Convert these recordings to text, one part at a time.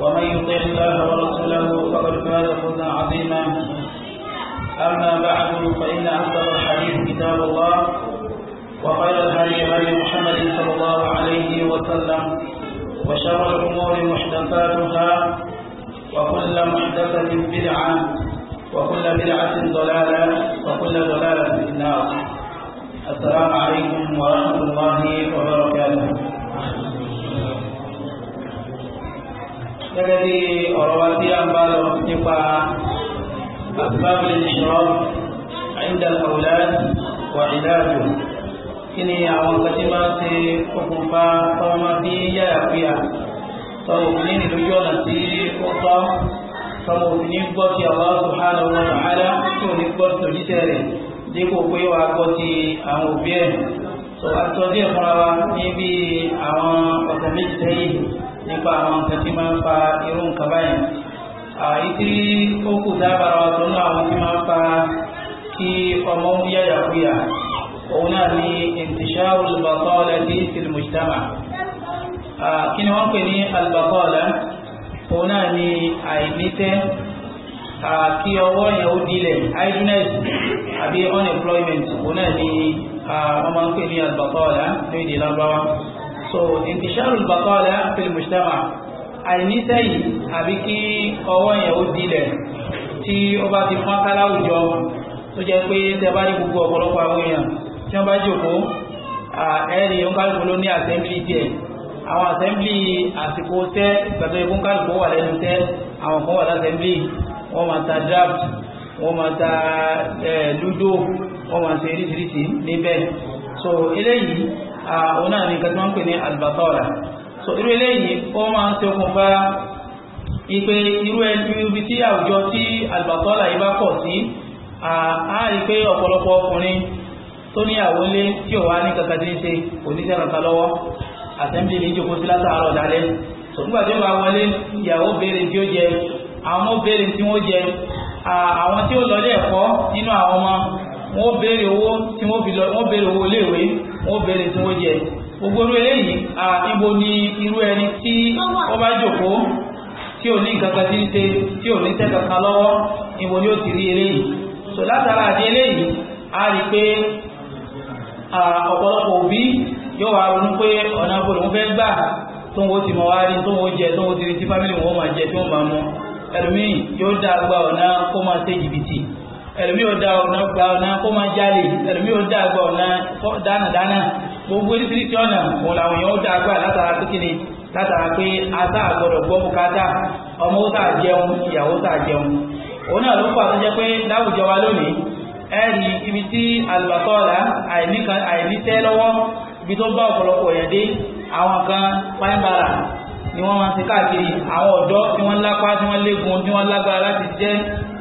ومن يطع الله ورسوله فقد فاز فوزا عظيما اما بعد فان اصدق الحديث كتاب الله وقال الهدي هدي محمد صلى الله عليه وسلم وشر الامور محدثاتها وكل محدثه بدعه وكل بدعه ضلاله وكل ضلاله في النار السلام عليكم ورحمه الله وبركاته gẹ́gẹ́ bí ọ̀rọ̀ wa tí a ń bá lọ nípa àgbábọ̀ ìṣòro àyíndà ọ̀lá wà ìdáàbò kí ni àwọn nǹkan tí máa ń ṣe okùnfà tọ́wọ́ máa fi yára fìyà òfin ní ìlú yọ̀nà tí ó tọ́ tọ́wọ́ òfin ní gbọ́ ti Allah subhanahu wa ta'ala tó ní gbọ́ ti òjíṣẹ́ rẹ̀ dípò pé wà á gbọ́ ti àwọn òbí ẹ̀ tó àtọ́jú ẹ̀fọ́ra wa níbi àwọn ọ̀sẹ̀ méjì sẹ́yìn nípa àwọn nǹkan tí máa ń fa irú nǹkan báyìí àyí tí ó kù dábàrà wa tó àwọn tí máa ń fa kí ọmọ ń yàyàkúyà òun náà ni intisharu al-batalati fil mujtama kí ni wọ́n pè ní al-batala òun náà ni àìníṣẹ́ kí ọwọ́ yẹn ó dilẹ̀ idleness àbí unemployment òun náà ni wọ́n máa ń pè ní al-batala ní ìdílábáwá so intisharul batala fil mujtama àìnísẹ́yìn àbí kí ọwọ́ yẹn ó dilẹ̀ tí ó bá ti fọ́n kálá òjò tó jẹ́ pé tẹ bá rí gbogbo ọ̀pọ̀lọpọ̀ àwọn èèyàn tí wọ́n bá jòkó ẹ̀rì oníkálùkù ló ní assembly tiẹ̀ àwọn assembly àsìkò tẹ́ ìgbàgbé oníkálùkù wà lẹ́nu tẹ́ àwọn kan wà lásẹ̀mblì wọ́n máa ta draft wọ́n máa ta ludo wọ́n máa ṣe oríṣiríṣi níbẹ̀ so eléyìí Ah, òun náà ní nǹkan wọ́n pè ní albatọ́ra so irú eléyìí ó máa ń ṣe okùnfà ipe irú ibi tí àwùjọ tí albatọ́ra yìí bá pọ̀ sí a rí pé ọ̀pọ̀lọpọ̀ ọkùnrin tó ní àwọlé tí ò wá ní kankan tí so nígbà tí ó bá wọlé ìyàwó béèrè tí ó jẹ àwọn béèrè tí wọ́n jẹ àwọn tí ó lọ ilé ẹ̀kọ́ nínú àwọn ọmọ wọ́n wọ́n bèèrè tí wọ́n jẹ gbogbo a ibo ni irú ẹni tí wọ́n bá jòkó tí ò ní kankan tí ń ṣe tí ò ní tẹ́ kankan lọ́wọ́ ibo ni ó ti rí eléyìí so látara àti eléyìí a rí pé ọ̀pọ̀lọpọ̀ òbí yóò wá ronú pé ọ̀nà àbòrò ń fẹ́ gbà tó ń wo ti mọ̀ wá rí tó ń wo jẹ tó ń wo ti rí tí fámìlì wọn máa jẹ tí wọ́n máa mọ ẹlòmíì yóò dá ẹlòmí ò da ọ̀nà gba ọ̀nà kó máa jalè ẹlòmí ò da gba ọ̀nà dánadáná gbogbo oríṣiríṣi ọ̀nà wọn làwọn èèyàn ó da gba látara pé kíni látara pé ata àgbọ̀dọ̀ gbọ́ bùkátà ọmọ ó tà jẹun ìyàwó tà jẹun òun náà ló fà tó jẹ́ pé láwùjọ wa lónìí ẹ̀rí ibi tí àlùbátọ́ọ̀lá àìníṣẹ́ lọ́wọ́ ibi tó bá ọ̀pọ̀lọpọ̀ yẹn àwọn kan pàǹbàrà ni wọ́n máa ti káàkiri àwọn ọ̀dọ́ tí wọ́n lápá tí wọ́n légun tí wọ́n lágbára láti jẹ́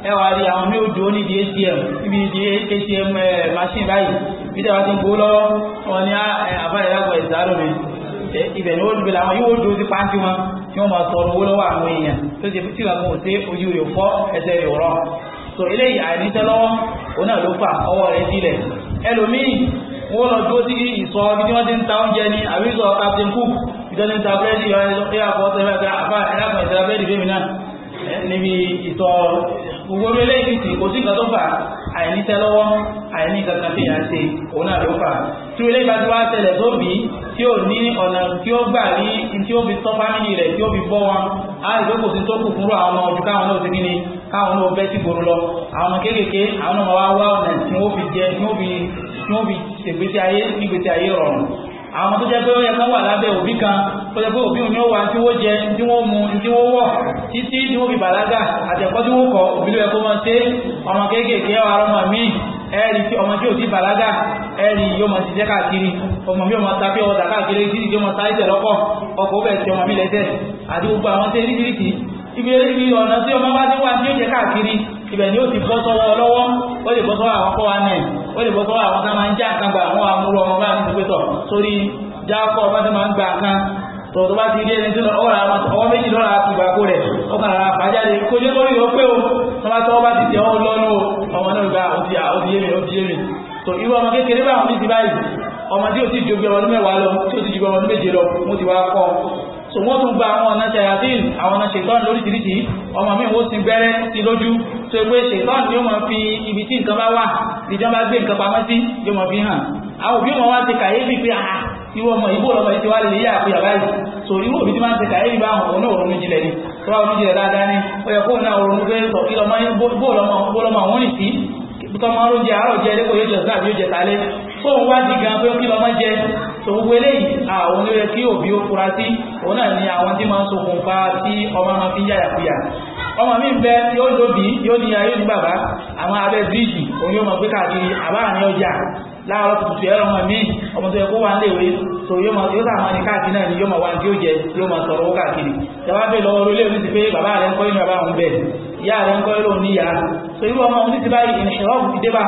ẹ wà rí àwọn mí ò dúró ní di atm ibi di atm machine báyìí bí tẹ́wà ti ń gbó lọ́wọ́ wọn ní àbáyé lágbọ̀ ìsàárò mi ibẹ̀ ni ó dúró làwọn yóò dúró sí pàǹtí wọn tí wọ́n máa sọ owó lọ́wọ́ àwọn èèyàn tó ṣe tí wọn kò sí ojú rẹ̀ fọ́ ẹsẹ̀ rẹ̀ rọ̀ so eléyìí àìníṣẹ́ lọ́wọ́ òun náà ló fà ọwọ́ rẹ̀ sílẹ̀ ẹlòmíì wọ́n lọ dúró sí ìsọ ibi tí wọ́n ti ń ta oúnjẹ ní àríṣọ captain cook ìjọba ń ta búrẹ́dì ọ̀rẹ́ ìyàpọ̀ ọ̀sẹ̀ mẹ́ta àbá ẹ̀rọ ìsẹ̀rẹ̀ bẹ́ẹ̀dì fẹ́mi náà níbi ìsọ gbogbo orí eléyìí sì kò sí nǹkan tó fà àìní tẹ́lọ́wọ́ àìní kankan tí yàn ṣe òun náà ló fà tí eléyìí bá ti wá tẹ̀lẹ̀ tó bì tí ó ní ọ̀nà tí ó gbà rí tí ó fi tọ́ fámìlì rẹ̀ tí ó fi bọ́ wọn á rí pé kò sí tó kù fúnrú àwọn ọmọ ojú káwọn náà ti kí ni káwọn náà bẹ́ sí gbòòrò lọ àwọn ọmọ kéékèèké àwọn ọmọ wa wá ọ̀nà tí wọ́n fi jẹ tí wọ́n fi ṣègbésí ayé nígbésí ayé rọrùn àwọn ọmọ tó jẹ́ pé ó yẹ kán wà lábẹ́ òbí kan tó jẹ́ pé òbí òní ó wà tí wọ́n jẹ tí wọ́n mu tí wọ́n wọ̀ títí tí wọ́n fi bàlágà àtẹ̀kọ́ tí wọ́n kọ òbí ló yẹ kó máa ṣe ọmọ kéékèèké ọmọ mi ẹ̀rì tí ọmọ tí ò ti bàlágà ẹ̀rì yóò máa ṣiṣẹ́ káàkiri ọmọ mi ọmọ mi lẹ́tẹ̀ àti tí ibi ibi ọ̀nà tí ọmọ bá ti wà tí ó jẹ káàkiri ibẹ̀ ni ó ti bọ́ sọ́wọ́ lọ́wọ́ ó lè bọ́kọ́ àwọn tá máa ń já nǹkan gbà wọ́n amúrú ọmọ bá ní ìpẹ́tọ̀ sórí jákọ́ ọba tó máa ń gba kan tọ̀tọ̀ bá ti rí ẹni tí ọwọ́ méjì lọ́ra ìgbàgbó rẹ̀ ọkàn ara fàájáde kó jẹ́ lórí ìwọ́ pé o tọ́ba tọ́wọ́ bá ti tẹ̀ ọ́ lọ́nà ọmọ náà gba òdì yémi òdì yémi tó irú ọmọ kékeré bá wọn ní ti báyìí ọmọ tí ò ti jogbe ọmọ ọdún mẹ́wàá lọ tí ò ti jogbe ọmọ ọdún méje lọ mo ti wá kọ́ so wọ́n tún gba àwọn ọ̀nà ṣayatin àwọn ọ̀nà ṣètọ́n lóríṣiríṣi ọmọ mi wọ́n ti gbẹ́rẹ́ sí lójú tó pé ṣètọ́n ni ó mọ̀ fi ibi tí nǹkan bá wà ìjọba bá gbé nǹkan pamọ́ sí yóò mọ̀ fi hàn àwọn òbí wọn wá ti kàyéfì pé àà ah, ìwọ ọmọ ìbò lọmọ ti wá lè yá àpéyà báyìí so irú òbí tí máa ń ti kàyéfì bá àwọn ọ̀nà òrùn jìnlẹ̀ ni tó bá òrùn jìnlẹ̀ dáadáa ni ó yẹ kóun náà òrùn pé sọ kí lọmọ òun rìn sí tó máa ń jẹ àárọ̀ jẹ lẹ́kọ̀ọ́ yóò jẹ ọ̀sán àbí yóò jẹ tálẹ́ fóun wá di gan pé kí lọ́mọ jẹ tó ń wọlé yìí àwọn olóyè kí òbí ó fura sí òun náà ni àwọn tí máa ń ṣokùnfà tí ọmọ máa fi ń ọmọ mi ń bẹ yóò lóbi yóò ní ayé ní bàbá àwọn abẹ́ bíríìjì òun yóò mọ̀ pé káàkiri àbá ọjà Laa tuntun ẹ̀rọ ọmọ mi ọmọ tó yẹ kó wà ń léwe tó yóò máa yóò máa ní káàkiri náà ni yóò máa wà ní tí ó jẹ yóò máa sọ̀rọ̀ owó káàkiri ìjọba bẹ́ẹ̀ lọ́wọ́ orí léwu ti pé bàbá rẹ̀ ń kọ́ inú bàbá òun ìyá rẹ̀ ń kọ́ inú níyà tó irú ọmọ òun ti bá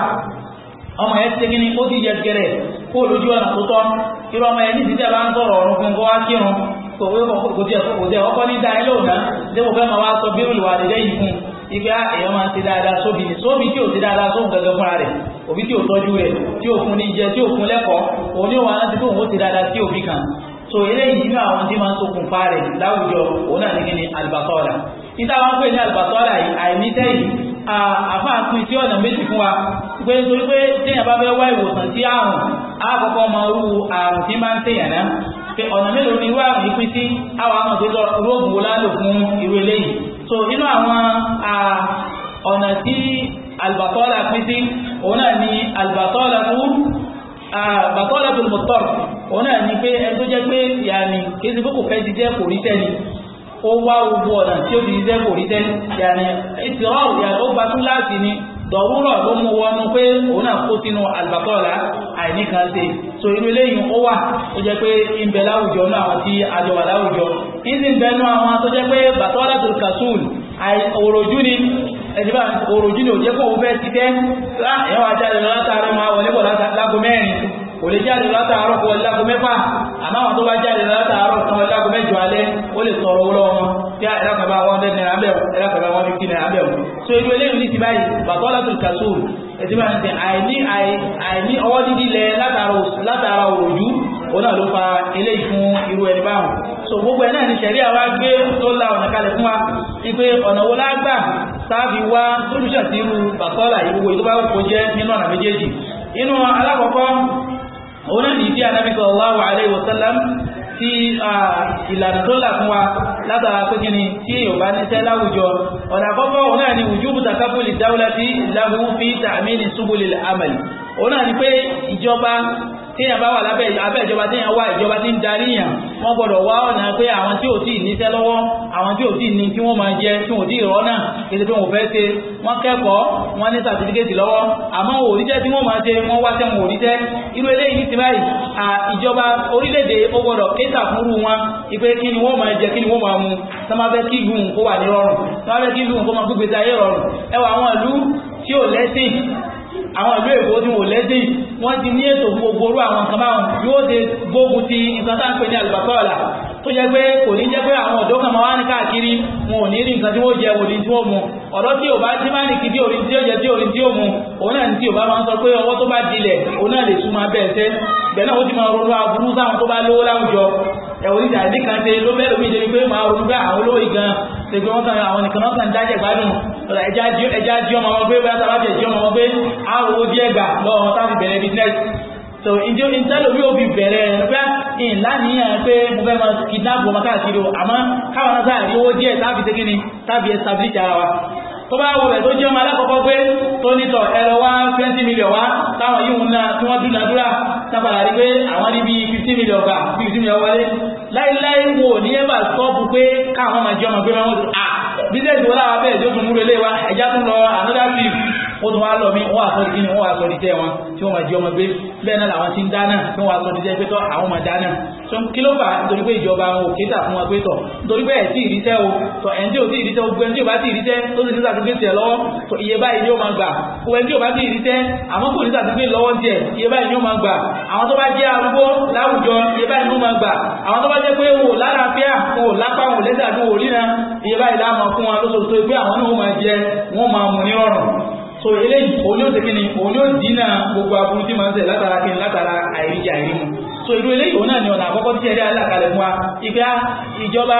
ọmọ ẹ̀ ti ti ibi ah, èèyàn máa ti dáadáa sóbi ni sóbi tí ò ti dáadáa sóhun gẹ́gẹ́ fúnra rẹ̀ òbí tí ò tọ́jú rẹ̀ tí ò fún ní jẹ tí ò fún lẹ́kọ̀ọ́ òun ni ó wà láti fún òun ó ti dáadáa sí òbí kan so eléyìí nínú àwọn tí máa ń ṣokùnfà rẹ̀ láwùjọ òun náà ní kí ni albatọ́ra títà wọn pè ní albatọ́ra yìí àìníṣẹ́ yìí àfáàkùn tí ọ̀nà méjì fún wa pé nítorí pé téèyàn bá fẹ́ wá ìwòsàn sí àrùn àkọ́kọ́ mọ irú àrùn tí máa ń téèyàn náà tó lọ irú òògùn lálò fún irú eléyìí so nínú àwọn ọ̀nà tí albatọ́lá pín sí òun náà ni albatola fún albatola tó mọ̀tọ́ òun náà ni pé ẹni tó jẹ́ pé yàní kí sí kókò fẹ́ jíjẹ́ kò rí sẹ́ni ó wá gbogbo ọ̀nà tí ó fi jíjẹ́ kò rí sẹ́ni yàní ìtìrọ̀ yàní gbatú láti ni dọ̀rúrọ̀ ló mú wọnú pé òun náà kó sínú àlùbàtọ́ọ̀lá àìníkànṣe so irú eléyìí ó wà tó jẹ́ pé ń bẹ láwùjọ náà àwọn tí àjọ wà láwùjọ ń sì ń bẹnu àwọn tó jẹ́ pé bàtọ́ọ̀lá tó kàṣùl òròjú kò lè jáde látàárọ̀ kó ọlágo mẹ́fà àmọ́ tó bá jáde látàárọ̀ kan ọlágo mẹ́jọ alẹ́ ó lè tọrọ owó lọ́wọ́ wọn kí ẹlẹ́kọ̀ọ́bá wọn bẹ́ẹ̀ náírà wọn fífi náírà so irú eléyìí ní ti báyìí bàbá látò kàṣù ètí bá ń tẹ àìní àìní ọwọ́ dídí lẹ látàárọ̀ òòjú òun náà ló fa eléyìí fún irú so gbogbo ẹ̀ náà ni sẹ̀rí àwa gbé tó la ọ̀nà kalẹ̀ fún wa ni pé ọ̀nà wo lágbà sáàfi wá solution sí irú bàtọ́là ìwúwo ìtọ́bá kò jẹ́ nínú ọ̀nà méjèèjì inú alákọ̀ọ́kọ́ òun náà nìdí anábì sallallahu alaihi wasallam tí ìlànà tó là fún wa látara pé kí ni tí èèyàn bá níṣẹ́ láwùjọ ọ̀nà àkọ́kọ́ òun náà ni wujubu takafuli dawlati lahu fi ta'mini subulil amal òun náà ni pé ìjọba téèyàn bá wà lábẹ́ abẹ́ ìjọba téèyàn wà ìjọba tí ń darí yàn wọ́n gbọ́dọ̀ wá ọ̀nà pé àwọn tí ò tí ì níṣẹ́ lọ́wọ́ àwọn tí ò tí ì ní kí wọ́n máa jẹ tí ò tí ì rọ́nà kéde pé wọ́n fẹ́ ṣe wọ́n kẹ́kọ̀ọ́ wọ́n ní sàtífíkẹ́tì lọ́wọ́ àmọ́ òríṣẹ́ tí wọ́n máa ṣe wọ́n wá sẹ́wọ̀n òríṣẹ́ irú eléyìí wọn ipe kí ni wọ́n máa jẹ kí ni mu kí gùn kó wà ní rọrùn kí gùn kó máa ayé rọrùn ẹwà àwọn ìlú tí ò àwọn ìlú èkó tí wọ́n lẹ́sìn wọ́n ti ní ètò gbogbo orú àwọn nǹkan báwọn yóò ṣe gbógun ti nǹkan tá à ń pè ní àlùbákọ́ọ̀là tó jẹ́ pé kò ní jẹ́ pé àwọn ọ̀dọ́ kan máa wá ní káàkiri wọn ò ní rí nǹkan tí wọ́n jẹ òní tí wọ́n mu ọ̀dọ́ tí ò bá tí bá nìkí tí òní tí ó jẹ tí òní tí ó mu òun náà ní tí ò bá máa ń sọ pé ọwọ́ tó bá dilẹ̀ òun náà lè súnmọ́ bẹ́ẹ̀ sẹ́ bẹ́ẹ̀ náà ó ti máa ronú aburú sáwọn tó bá lówó láwùjọ ẹ̀wọ̀n ìjà ìdí kan ṣe ló bẹ́ẹ̀ lómi ìdẹ́ni pé máa ronú pé àwọn olówó gan ṣe pé wọ́n àwọn nìkan náà tàn dájẹ̀ gbádùn ẹja jí ọmọ ọmọ gbé bóyá tàbá jẹ̀ jí ọmọ ọmọ gbé àwòrán díẹ̀ gbà lọ́wọ́ wọn táfi bẹ̀rẹ̀ bísínẹ́sì so ìjọ ìtẹ́lò yóò fi bẹ̀rẹ̀ pé ìlànìyàn pé mo fẹ́ máa kìdá bọ̀ mọ́ káàkiri o àmọ́ káwọn náà sáà rí owó díẹ̀ tábì tẹ́kíní tábì establish ara wa tó wo wọ rẹ̀ tó jẹ́ ọmọ alákọ̀ọ́kọ́ pé tó nítọ̀ ẹ̀rọ wá 20 million wá táwọn yíò ńlá tí wọ́n dúnadúrà tábàlá rí pé àwọn níbi 15 million gbà fifty million wọlé láíláí wo ní ẹ̀bà sọ́ọ̀bù pé káwọn máa jẹ́ ọmọ gbé wọn wọ́n ti à bísẹ̀sì wọlé àwọn abẹ́ẹ̀ tó tún múlò ilé wa ẹ̀já tún lọ another field ó tún wá lọ mí wọ́n àsọ ìdí ni wọ́n àsọ ìdí wọn tí wọ́n máa jẹ ọmọ gbé bẹ́ẹ̀ náà làwọn ti ń dáná tí wọ́n àsọ ìdí pé tọ́ àwọn máa dáná tó kí ló fà nítorí pé ìjọba àwọn òkè tà fún wọn pé tọ̀ nítorí pé ẹ̀ tí ìrísẹ́ o tọ̀ ẹ̀ tí ò tí ìrísẹ́ o gbẹ́ tí ò bá tí ìrísẹ́ tó sì ní sàtúgbé tiẹ̀ lọ́wọ́ tọ̀ iye báyìí ni ó máa gbà kó ẹ̀ tí ò bá tí ìrísẹ́ àmọ́ kò ní sàtúgbé lọ́wọ́ tiẹ̀ iye báyìí ni ó máa gbà àwọn tó bá jẹ́ arúgbó láwùjọ iye báyìí ni ó máa gbà àwọn tó bá jẹ́ pé wò lálàáfíà wò lápá wò lẹ́sẹ̀ àdúgbò ríran iye báyìí láàmú fún wọn lóṣooṣù pé àwọn náà ó máa jẹ wọn máa mú ní ọ̀rùn so eléyìí òun yóò tẹ́kí ni òun yóò dínà gbogbo aburú tí máa ń tẹ̀ látara kí látara àìríjà ìrímu so ìlú eléyìí òun náà ni ọ̀nà àkọ́kọ́ tí ẹ̀rí alákalẹ̀ fún wa ìgbà ah, ìjọba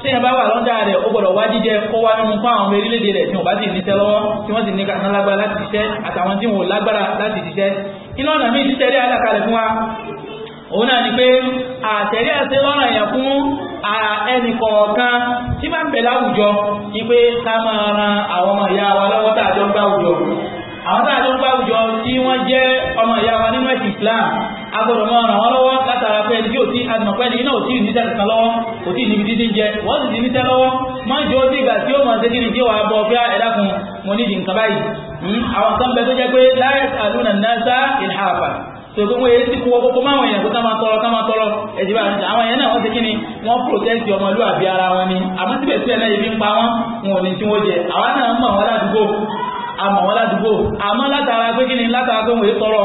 tí yẹn bá wà lọ́dà rẹ̀ ó gbọ́dọ̀ wá jíjẹ kó wá mímu fún àwọn ọmọ orílẹ̀-èdè rẹ̀ tí wọ́n bá sì níṣẹ́ lọ́wọ́ tí wọ́n sì ní kàná láti ṣiṣẹ́ àtàwọn tí wọ́n lágbára láti ṣiṣẹ́ iná ọ̀nà míì tí ẹ̀rí alákalẹ̀ fún wa òun náà ni pé àtẹ̀rí àṣẹ lọ́rọ̀ èèyàn fún ẹnì kọ̀ọ̀kan tí máa ń bẹ̀ láwùjọ ni pé ká máa ran àwọn ọmọ ìyá wa lọ́wọ́ tá a jọ ń gbá àwọn tá a jọ ń gbá tí wọ́n jẹ́ ọmọ ìyá wa nínú ẹ̀sìn Islam a gbọ́dọ̀ máa ràn wọ́n lọ́wọ́ látara pé ẹni tí ò tí àdìmọ̀pẹ́ ni iná ò tí ì níṣẹ́ kankan lọ́wọ́ kò tí ì níbi títí ń jẹ wọ́n sì ti níṣẹ́ lọ́wọ́ máa ń jẹ́ ó sì tí ó máa ṣe kí ni tí wàá bọ bí ẹ̀dá kan mo nídìí nǹkan báyìí hmm, àwọn kan bẹ tó jẹ́ pé láyé àdúnà náà sá ìhàfà tòkó wọ́n èyí tí kúwọ́ kókó máwọn èèyàn tó táwọn tọrọ táwọn tọrọ ẹ̀jìbá àti àwọn èèyàn náà wọ́n ti kíni wọ́n protẹ́tì ọmọlúwàbí ara wọn ni àmọ́ síbẹ̀síbẹ̀ náà ibi ń pa wọn wọn ò ní tí wọ́n jẹ àwọn náà mọ̀ wọn ládùúgbò àmọ̀ wọn ládùúgbò àmọ́ látara pé kíni látara pé wọ́n tọrọ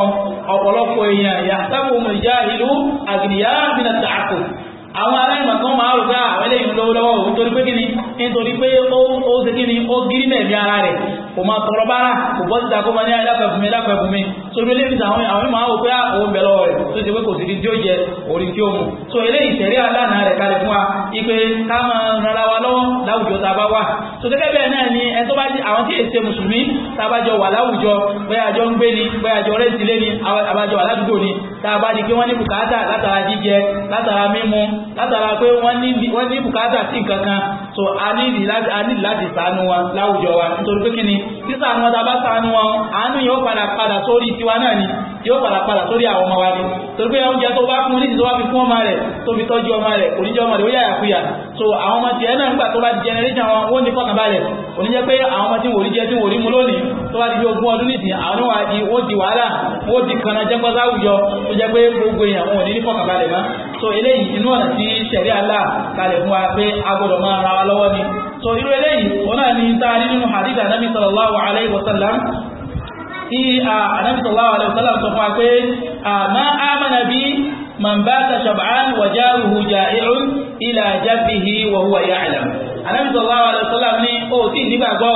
ọ̀pọ̀lọpọ̀ èèyàn ìyá sábò mọ̀ ìjà ìlú àgbìyà bínú tààkù àwọn aláìmọ̀ kan máa rò pé àwọn ah, eléyìí lọ́wọ́lọ́wọ́ òun torí pé kíni nítorí pé ó ṣe kíni ó gírí mẹ̀mí ara rẹ̀ kò máa tọrọ bára kò bọ́ síta kó máa ní ẹlẹ́fẹ̀ẹ́ fún mi ẹlẹ́fẹ̀ẹ́ fún mi so ní ilé ìta àwọn ìmọ̀ àwọn òpé àwọn òbẹ̀ lọ́wọ́ rẹ̀ tó ṣe pé kò sí ní tí ó jẹ orí tí ó mu so wa ipe ká máa wà ni ẹ tó bá àwọn tí èsè láwùjọ bóyá àjọ ń gbé ni bóyá àjọ rẹ̀ sílé ni àbájọ aládùúgbò ni tá a bá di pé wọ́n ní bùkátà látara jíjẹ látara mímu látara pé wọ́n ní bùkátà sí nǹkan kan so a nílì láti ṣàánú wa láwùjọ wa nítorí pé kíni sísàánú wa tá a bá ṣàánú wa àánú yóò padà padà sórí tiwa náà ni yóò padà padà sórí àwọn ọmọ wa ni torí pé oúnjẹ tó bá fún nídìí tó bá fi fún ọmọ rẹ̀ tó fi tọ́jú ọmọ rẹ̀ oníjẹ́ ọmọ rẹ̀ ó yàyà kúyà so àwọn ọmọ tiẹ̀ náà nígbà tó bá di generation wọn ó ní kọ́kàn balẹ̀ oníjẹ́ pé àwọn ọmọ tí wò rí jẹ tí wò rí mu lónìí tó bá di bí ogún ọdún nìsín àwọn náà wá di ó di wàhálà ó di kanna jẹ́gbọ́sáwùjọ tó jẹ́ pé gbogbo èèyàn wọn ò ní ní kọ́kàn balẹ̀ mọ́ so eléyìí inú ọ̀nà tí sẹ̀rí àlá kalẹ̀ fún wa pé a gbọ́dọ̀ máa ra wa lọ́wọ́ ni so irú eléyìí òun náà ni ta nínú hadith anabi sallallahu alayhi wa sallam tí anabi sallallahu alayhi wa sọ fún wa pé ma amana bi man bata shab'an wa jaruhu ja'irun ila jabbihi wa huwa ya'lam anabi sallallahu alayhi wa sallam o tí nígbàgbọ́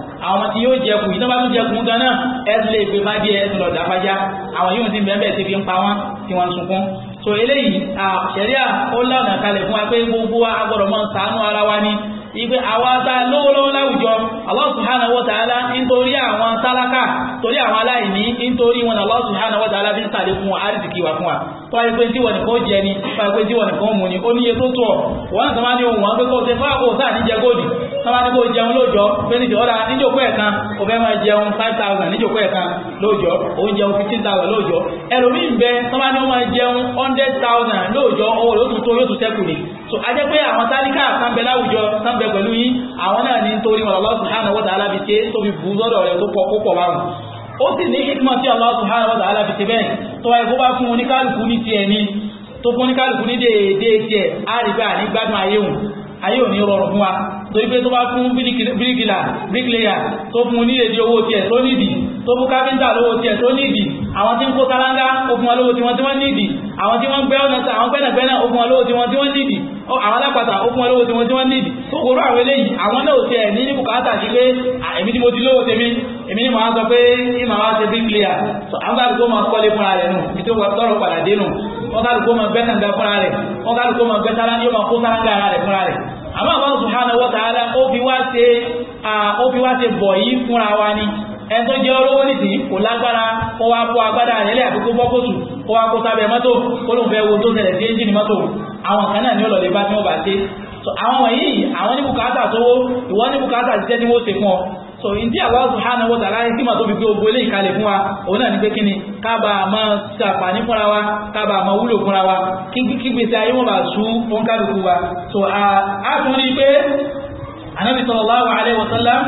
àwọn tí yóò jẹkù yìí tọ́ba tó jẹkù gan náà ẹ̀sùn lè gbé má díẹ̀ ẹ̀sùn lọ dáfájá àwọn yóò ti bẹ́ẹ̀ ti fi ń pa wọ́n tí wọ́n sunkún so eléyìí àṣẹríà ó lànà kalẹ̀ fún wa pé gbogbo agbọ́dọ̀ mọ́ ṣàánú ara wa ni ìgbé àwọn ata lówólówó láwùjọ Allah subhanahu wa ta'ala nítorí àwọn tálákà torí àwọn aláìní nítorí wọn Allah subhanahu wa ta'ala fi ń sàlẹ̀ fún wa àrísìkí wa fún wa tó wáyé pé tí wọ́n nìkan jẹ ni tó wáyé pé tí wọ́n nìkan mú ni ó níye tó tọ̀ wọ́n náà sọ máa ní ohun wọn pé kó o ṣe fáwọn òòtà níjẹ góòdì tọ́ba ní kó jẹun lóòjọ́ pé níjọ́ ọ̀dà níjókòó ẹ̀kan kò fẹ́ máa jẹun five thousand níjókòó ẹ̀kan lóòjọ́ òun jẹun fifteen thousand lóòjọ́ ẹlòmíì ń bẹ thousand lóòjọ́ owó ló tún tó so a jẹ́ pé àwọn tálíkà sáńbẹ láwùjọ sáńbẹ pẹ̀lú yín àwọn náà ní nítorí wọn Allah wa ta'ala fi ṣe tó fi bù sọ́dọ̀ rẹ̀ tó pọ̀ kó pọ̀ báwọn ayé ò ní rọrùn fún wa tó ipé tó bá fún bíríkìlà bíríkìlẹ̀yà tó fún ní èdè owó tiẹ̀ tó nídi tó fún káfíńtà lówó tiẹ̀ tó nídi àwọn tí ń kó sálángá ó fún wọn lówó tí wọ́n tí wọ́n nídi àwọn tí wọ́n gbẹ́ ọ̀nà àwọn gbẹ́nàgbẹ́nà ó fún wọn lówó tí wọ́n tí wọ́n nídi àwọn alápàtà ó fún wọn lówó tí wọ́n tí wọ́n nídi tó kòrò àwọn eléyìí àwọn náà tiẹ̀ ní ní bùkátà sí pé èmi tí mo ti lówó tèmi èmi ni màá sọ pé ìmọ̀ wá ṣe bíríkìlẹ̀yà àwọn bá gbọ́ máa kọ́lé fúnra rẹ̀ nù nítorí wọ́n padà dé wọ́n kálukú máa gbẹ́ sàǹgà fúnra rẹ̀ wọ́n kálukú máa gbẹ́ sára yóò máa kó sáráńgà ara rẹ̀ fúnra rẹ̀ àmọ́ Allah subhanahu wa ta'ala ó fi wá ṣe ó fi wá ṣe bọ̀ yìí fúnra wa ni ẹni tó jẹ́ olówó nìsín kò lágbára ó wá kó agbádá rẹ̀ lẹ́yà kókó bọ́kòtù ó wá kó sábẹ́ mọ́tò ó lóun fẹ́ wo tó ṣẹlẹ̀ sí ẹ́ńjìnì mọ́tò àwọn kan náà ní ọ̀lọ́dẹ bá tí wọ́n bá ṣe àwọn wọ̀nyí àwọn ní bùkátà sówó ìwọ ní bùkátà ṣiṣẹ́ tí wọ́n ṣe fún ọ so in tí Allah subhanahu wa ta'ala tí ma tó fi gbé ogbó ilé ìkalẹ̀ fún wa òun náà ni pé kíni kábà máa sàpàní fúnra wa kábà máa wúlò fúnra wa kígbèsè ayé wọn bá sú fún kálukú wa so a tún rí pé anábì sallallahu alaihi wa sallam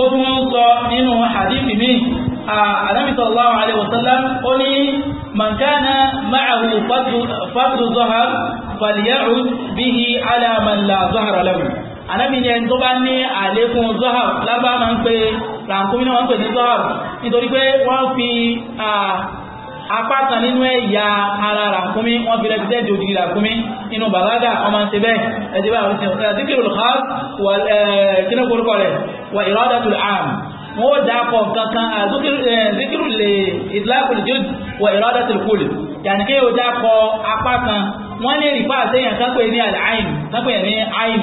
ó tún sọ nínú hadithi mi anábì sallallahu alaihi wa sallam ó ní man kana ma'ahu fadlu zahar falya'ud bihi ala man ànábì ní ẹni tó bá ní àlékún zohar lábá máa ń pè ràǹkómi náà wọ́n pè ní zohar nítorí pé wọ́n fi apá kan nínú ẹ̀yà ara ràǹkómi wọ́n fi rẹ́pítẹ́ di ògiri ràǹkómi nínú bàlágà ọmọ ṣe bẹ́ẹ̀ ẹ̀jẹ̀ bá àwọn ìṣẹ̀lẹ̀ àdìkìrò lùkọ́ wà kíní korúkọ rẹ̀ wà iradatul am wọ́n ó dápọ̀ kankan àdìkìrò lè ìtìlákùlù jù wà iradatul kul rí pàṣẹ yàn kápẹ́ ní àlàáyìn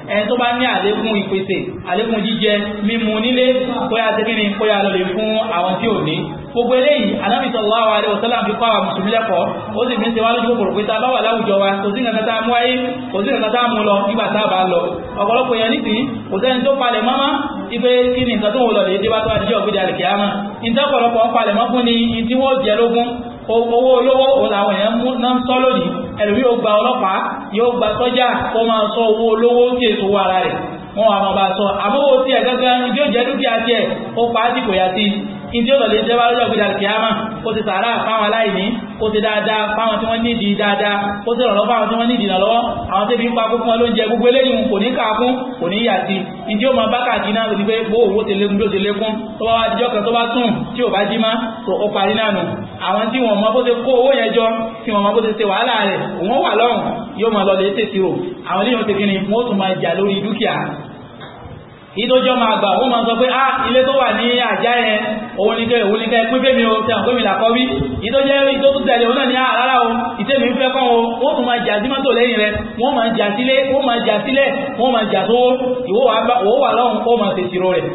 ẹni tó bá ní àlékún ìpèsè àlékún jíjẹ mímu nílé kóyá tẹ́kínní kóyá lọ lè fún àwọn tí ò ní gbogbo eléyìí Ànábì sallallahu alaihi wasallam fi kọ́ àwọn mùsùlùmí lẹ́kọ̀ọ́ ó sì fi ń ṣe wá lójú kòkòrò pé tá láwùjọ wa kò sí nǹkan tá a mú ayé kò sí nǹkan tá a mú lọ nígbà tá a bá lọ ọ̀pọ̀lọpọ̀ yẹn nísìnyí kò sẹ́ni tó palẹ̀ mọ́mọ́ ipe kí ni nǹkan tó ń wò lọ lè dé bá tó adijọ́ ògbé dalẹ̀ kìá mọ́ níta ọ̀pọ̀lọpọ̀ palẹ̀ mọ́ fún ni tí wọ́n jẹ lógún owó olówó òun làwọn èèyàn náà sọ lónìí ẹlòmí yóò gba ọlọ́pàá yóò gba sọ́jà kó máa sọ owó olówó tí èso wà ara rẹ̀ wọ́n wà máa bá sọ àmọ́wò tí ẹ̀ gángan ibi ó jẹ́ dúkìá tí ẹ̀ ó pa á sì kò yá sí ìdí ọ̀lọ́lẹ̀ jẹ́ bá lọ́jọ́ gbìdàlì kìámà ó ti sàárà fáwọn aláìní ó ti dáadáa fáwọn tí wọ́n nídìí dáadáa ó ti rọ̀lọ́ fáwọn tí wọ́n nídìí lọ́wọ́ àwọn tí fi ń pa kókún ọlóúnjẹ gbogbo eléyìí kò ní kàákún kò ní yà sí ó máa bá káàkiri náà lórí pé gbówó owó ti lékún bí ó ti lékún tó bá wá dijọ́ kan tó bá tún tí ò bá jí má tó ó parí náà nù àwọn tí wọ́n mọ bó ṣe kó owó yẹn jọ tí wọ́n mọ bó ṣe ṣe wàhálà rẹ̀ òun wà lọ́rùn yóò máa lọ lè tètè o àwọn ilé yóò ṣe wọ́n tún máa jà lórí dúkìá ìdójọ́ máa gbà wọ́n máa sọ pé ah ilé tó wà ní àjá yẹn òun ní kẹ́ òun ní kẹ́ pín fẹ́mi o tẹ̀wọ̀n pé mi là kọ́ bí ìdó tó tẹ̀lé òun náà ní àrárá ah, o ìtẹ́mi ń fẹ́ kọ́ o ó tún máa jà sí mọ́tò lẹ́yìn rẹ wọ́n máa jà sílé wọ́n máa jà sílẹ̀ wọ́n máa jà sówó ìwọ́ wà lọ́hùn ó máa ṣèṣirò rẹ̀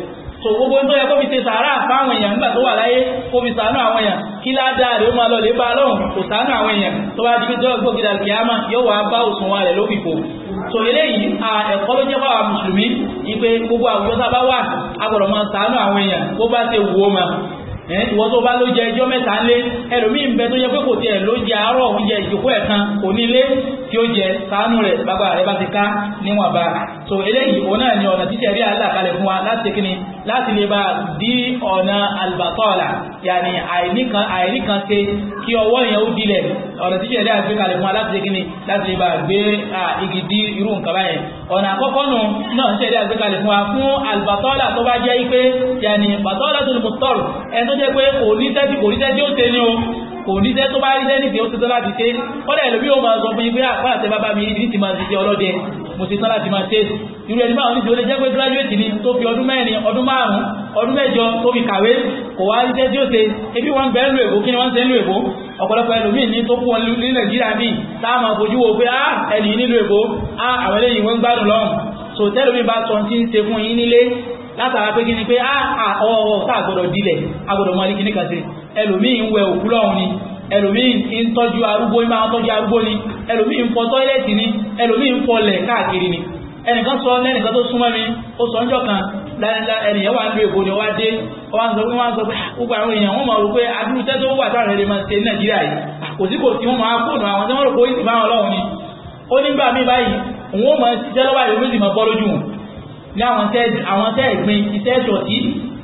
so gbogbo tó yẹ kó fi ṣe sàárà fáwọn èèyàn nígbà tó wà láyé kó fi sàánú àwọn èèyàn kí ládàá rẹ̀ ó máa lọ lè bá lọ́hùn kò sàánú àwọn èèyàn tó bá jí tó gbogbo ìdàlù kìámà yóò wá bá òṣùwọ̀n rẹ̀ lórí ipò so eléyìí a ẹ̀kọ́ ló jẹ́ fáwọn mùsùlùmí ipe gbogbo àwùjọ tá a bá wà a gbọ́dọ̀ máa sàánú àwọn èèyàn bó bá ṣe wù ó máa ìwọ́n tó bá ló jẹ ẹjọ́ mẹ́ta lé ẹlòmíì ń bẹ tó yẹ pé kò tiẹ̀ ló jẹ àárọ̀ oúnjẹ ìjòkó ẹ̀kan kò ní lé tí ó jẹ sàánú rẹ̀ bàbá rẹ̀ bá ti ká níwọ̀n bá so eléyìí òun náà ni ọ̀nà tí ṣẹ̀rí aláàkalẹ̀ fún wa láti kíni láti lè bá dí ọ̀nà albatọ́ọ̀là yàní àìníkan ṣe kí ọwọ́ yẹn ó dilẹ̀ ọ̀nà tí ṣẹ̀rí aláàkalẹ̀ fún wa láti kíni láti lè bá gbé igi dí irú nǹkan báyẹn ọ̀nà àkọ́kọ́ nù náà ṣẹ̀rí aláàkalẹ̀ fún wa fún albatọ́ọ̀là tó bá jẹ́ pé yàní batọ́ọ̀là tó ní mo tọ̀rọ̀ ẹ tó jẹ́ pé kò ní tẹ́tí kò ní tẹ́tí ó ṣe kò níṣẹ́ tó bá ríṣẹ́ nìsín ó ti tán láti ṣe kọ́dà ẹlòmí ò máa sọ fún yín pé àpá ah, àti bàbá mi ní ti máa ṣiṣẹ́ ọlọ́dẹ mo ti tán láti máa ṣe irú ẹni báwọn oníṣẹ́ ó lè jẹ́ pé gírájúwèsì ni tó fi ọdún mẹ́rin ọdún márùn-ún ọdún mẹ́jọ tó fi kàwé kò wá ríṣẹ́ tí ó ṣe ebi wọn bẹ̀rẹ̀ lu èkó kí ni wọ́n ṣe ń lu èkó ọ̀pọ̀lọpọ̀ ẹlòmíì ní tó kú wọn ní nàìjíríà míì táwọn àfojú wo pé ah ẹni nílùú èkó ah àwọn eléyìí wọ́n ń gbádùn lọ́rùn so tẹ́lòmíì bá sọ ti ń ṣe fún yín nílé látara pé kí ni pé ah, ah ọwọ́ ọwọ́ tá àgbọ̀dọ̀ dilẹ̀ agbọ̀dọ̀ mọ́ ẹlòmíì ń wẹ òkú lọ́hùn ni ẹlòmíì ń tọ́jú arúgbó ń bá wọn tọ́jú arúgbó ni ẹlòmíì ń fọ tọ́ílẹ̀tì ni ẹlòmíì ń fọlẹ̀ káàkiri ni ẹnìkan sọ lẹ́nìkan tó súnmọ́ mi ó sọ ńjọ́ kan ẹnìyàn wà ń lo ni ó wá dé ó wá ń sọ pé wọ́n sọ pé ah, gbogbo àwọn èèyàn wọ́n máa rò pé ni ó nígbà míì báyìí òun ó máa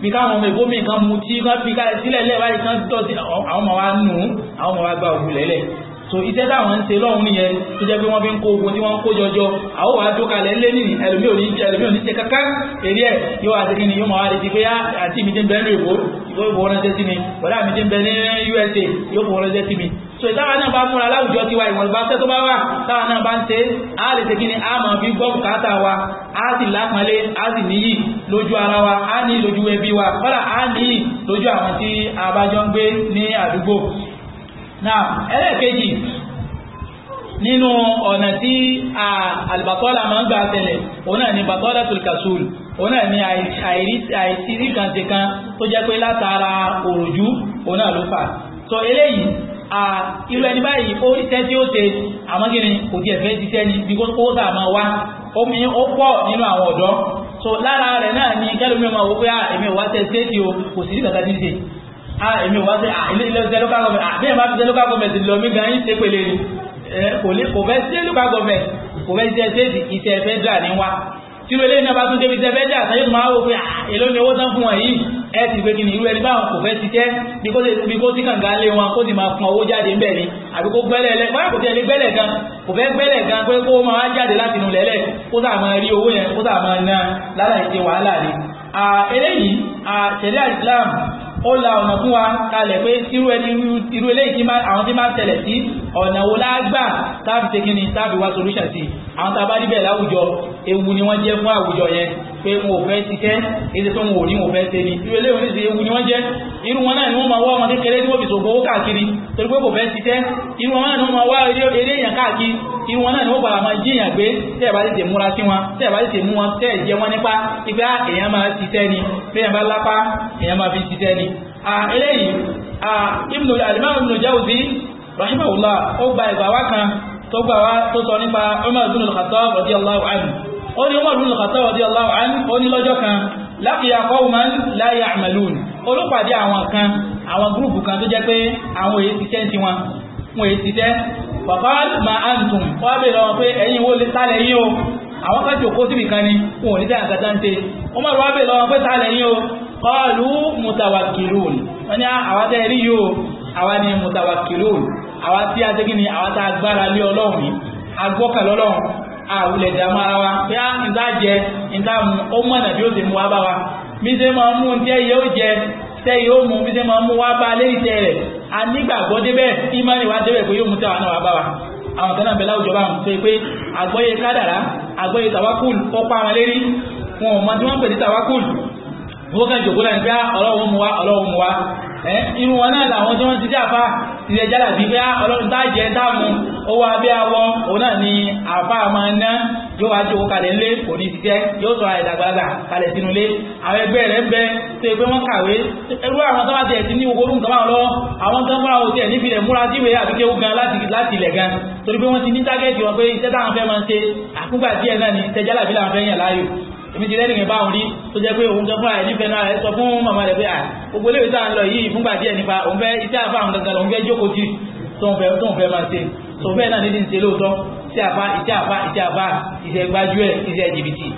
bí káwọn ọmọ ìbómi nǹkan mu tí wọ́n fi ká sílẹ̀ lẹ́ẹ̀ báyìí kan tọ́ sí àwọn ọmọ wa nù àwọn ọmọ wa gba òkú lẹ́lẹ̀ so iṣẹ́ táwọn ń ṣe lọ́hùn nìyẹn tó jẹ́ pé wọ́n fi ń kó ogun tí wọ́n ń kó jọjọ àwọn wàá tó kalẹ̀ lé nìyí ẹlòmí ò ní jẹ ẹlòmí ò ní ṣe kankan èrè ẹ̀ yóò wá sí kí ni yóò máa wá retí pé á ah, àti mi ti ń bẹ ní ìbò ìbò ìbò ránṣẹ́ sí mi wọ́n dà mi ti ń bẹ ní USA yóò fọwọ́ ránṣẹ́ sí mi so ìtawà náà bá múra láwùjọ tiwa ìwọ̀nba tẹ́ tó bá wà táwa náà bá ń ṣe á lè ṣe kí ni a máa fi gbọ́ bùkátà wa á sì lápọnlé á sì níyì lójú ara wa á ní lójú ẹbí wa kọ́lá á níyì lójú àwọn tí a bá jọ ń gbé ní àdúgbò náà ẹlẹ́ẹ̀kejì nínú ọ̀nà tí àlùbàtọ́là máa ń gbà tẹ̀lẹ̀ òun náà ni bàtọ́là tòlùkàṣùl òun náà ni àìsí kan ṣe kan tó jẹ́ pé látara òròjú òun náà ló fà so eléyìí irú ẹni báyìí ó rí tẹ́tí ó ṣe àmọ́ kí kò tiẹ̀ ti tẹ́ni bí kó sà máa wá omi ó pọ̀ nínú àwọn ọ̀dọ́ so lára rẹ̀ náà ni kẹ́lómi ọmọ wò pé à èmi ò wá o kò sí ìgbàgbà tí ṣe à èmi tẹ́ ilé iṣẹ́ local government àbí ẹ̀ bá fi ṣe gan ṣe pèlè kò fẹ́ ṣe kò fẹ́ ṣe tíru eléyìí náà bá tún débi tẹ́fẹ́ jà sáyé tó máa wò pé ah, èló ni owó tán fún wọn yìí ẹ ti pé kí ni irú ẹni báwọn kò fẹ́ ti jẹ́ bí kó sí kàǹgá lé wọn kó sì máa fún owó jáde ńbẹ̀ ni àbí kó gbẹ́lẹ̀ lẹ báyà kò tẹ̀ lé gbẹ́lẹ̀ gan kò fẹ́ gbẹ́lẹ̀ gan pé kó máa jáde láti inú lẹ́lẹ̀ kó sáà máa rí owó yẹn kó sáà máa ná lára ìṣe wàhálà ni. eléyìí ṣẹ̀ríà Islam ó la ọ̀nà fún wa kalẹ̀ pé irú eléyìí àwọn tí máa tẹ̀lẹ̀ sí ọ̀nà wo lágbà táàbì ṣe kí ni táàbì wá solution sí àwọn tàbá níbẹ̀ láwùjọ ewu ni wọ́n jẹ́ fún àwùjọ yẹn pé wọn ò fẹ́ ṣiṣẹ́ èdè tó wọn ò ní wọn fẹ́ ṣe ni irú eléyìí oníṣe ewu ni wọ́n jẹ́ irú wọn náà ni wọ́n máa wá ọmọ kékeré tí wọ́n fi ṣògbó káàkiri torí pé kò fẹ́ ṣiṣẹ́ irú wọn náà ni wọ́n máa wá eré èèyàn káàkiri irú wọn náà ni wọ́n padà máa jíyàn gbé tẹ́ ẹ̀ bá tètè múra sí wọn tẹ́ ẹ̀ bá tètè mú wọn tẹ́ ẹ̀ jẹ wọn nípa ìgbà ah, èèyàn máa ṣiṣẹ́ ni bẹ́ẹ̀ bá lápá èèyàn máa fi ṣiṣẹ́ ni ah, eléyìí ah, Ibn al-Imam Ibn rahimahullah ó gba ẹ̀gbà wá kan tó gbà wá tó sọ nípa Umar ibn al-Khattab radiyallahu anhu ó ní Umar ibn al-Khattab radiyallahu anhu ó ní lọ́jọ́ kan laqiya qawman la ya'malun olùpàdé àwọn kan àwọn gúrùpù kan tó jẹ́ pé àwọn èyí ti tẹ́ǹtì wọn wọn èyí ti tẹ́ bàbá ma antum wọ́n bèèrè wọn pé ẹ̀yin wo o máa wá bẹ lọ́wọ́ pé ta lẹ́yìn o qalu mutawakilun ni ah, àwọn rí yìí o àwa àwa tí a ṣe kí ni àwa tá a gbára lé ọlọ́run ni a gbọ́kàn lọ́lọ́run a wulẹ̀ dààmú ara wa pé á ń dá jẹ ń dá mu ó mọ̀ nà bí ó ṣe mú wa bá wa bí ṣe máa mú ní ẹ yóò jẹ tẹ yóò mú bí ṣe máa mú wa bá lé ìtẹ rẹ̀ a nígbàgbọ́ débẹ̀ ìmánì wa débẹ̀ pé yóò mú tẹ̀wá náà wá bá wa àwọn kan náà bẹ láwùjọ bá wọn tó pé àgbọ́yé kádàrá àgbọ́yé tàwákùl ó wọn lérí wọn ò mọ tí wọ́n pè ní tàwákùl ẹ irun wọn náà làwọn tí wọ́n ti jẹ́ àfá ti jẹ́ jálà bí pé ah, ọlọ́run tá jẹ́ dáàmú owó abẹ́ awọ òun náà ni àfá máa ná yóò wá jókòó kalẹ̀ ńlé kò ní ṣiṣẹ́ yóò sọ àìdàgbàgbà kalẹ̀ sínú ilé àwọn ẹgbẹ́ rẹ̀ ń bẹ tó ẹgbẹ́ wọn kàwé ẹrú àwọn tó bá tiẹ̀ ti ní ogorú nǹkan báwọn lọ́wọ́ àwọn tó ń fúnra òtí ẹ̀ níbi rẹ̀ múra síwé àbíké ó gan láti ilẹ̀ gan torí pé wọ́n ti ní tágẹ́ẹ̀tì wọn pé iṣẹ́ táwọn fẹ́ máa ń ṣe àkúgbà díẹ̀ náà ni tẹjálàbí làwọn fẹ́ yàn láàyò èmi ti rẹ́rìn bá òun rí tó jẹ́ pé òun gẹ́fún àìní fẹ́ náà sọ fún màmá rẹ̀ pé à gbogbo ilé ìta ń lọ yìí fúngbà díẹ̀ nípa òun fẹ́ iṣẹ́ àfa àwọn gangan òun fẹ́ jókòó tì tóun fẹ́ tóun fẹ́ máa ṣe tó bẹ́ẹ̀ náà nídìí ń ṣe lóòótọ́ iṣẹ́ àfa iṣẹ́ àfa iṣẹ́ àfa iṣẹ́ gbájúẹ̀ iṣẹ́ jìbìtì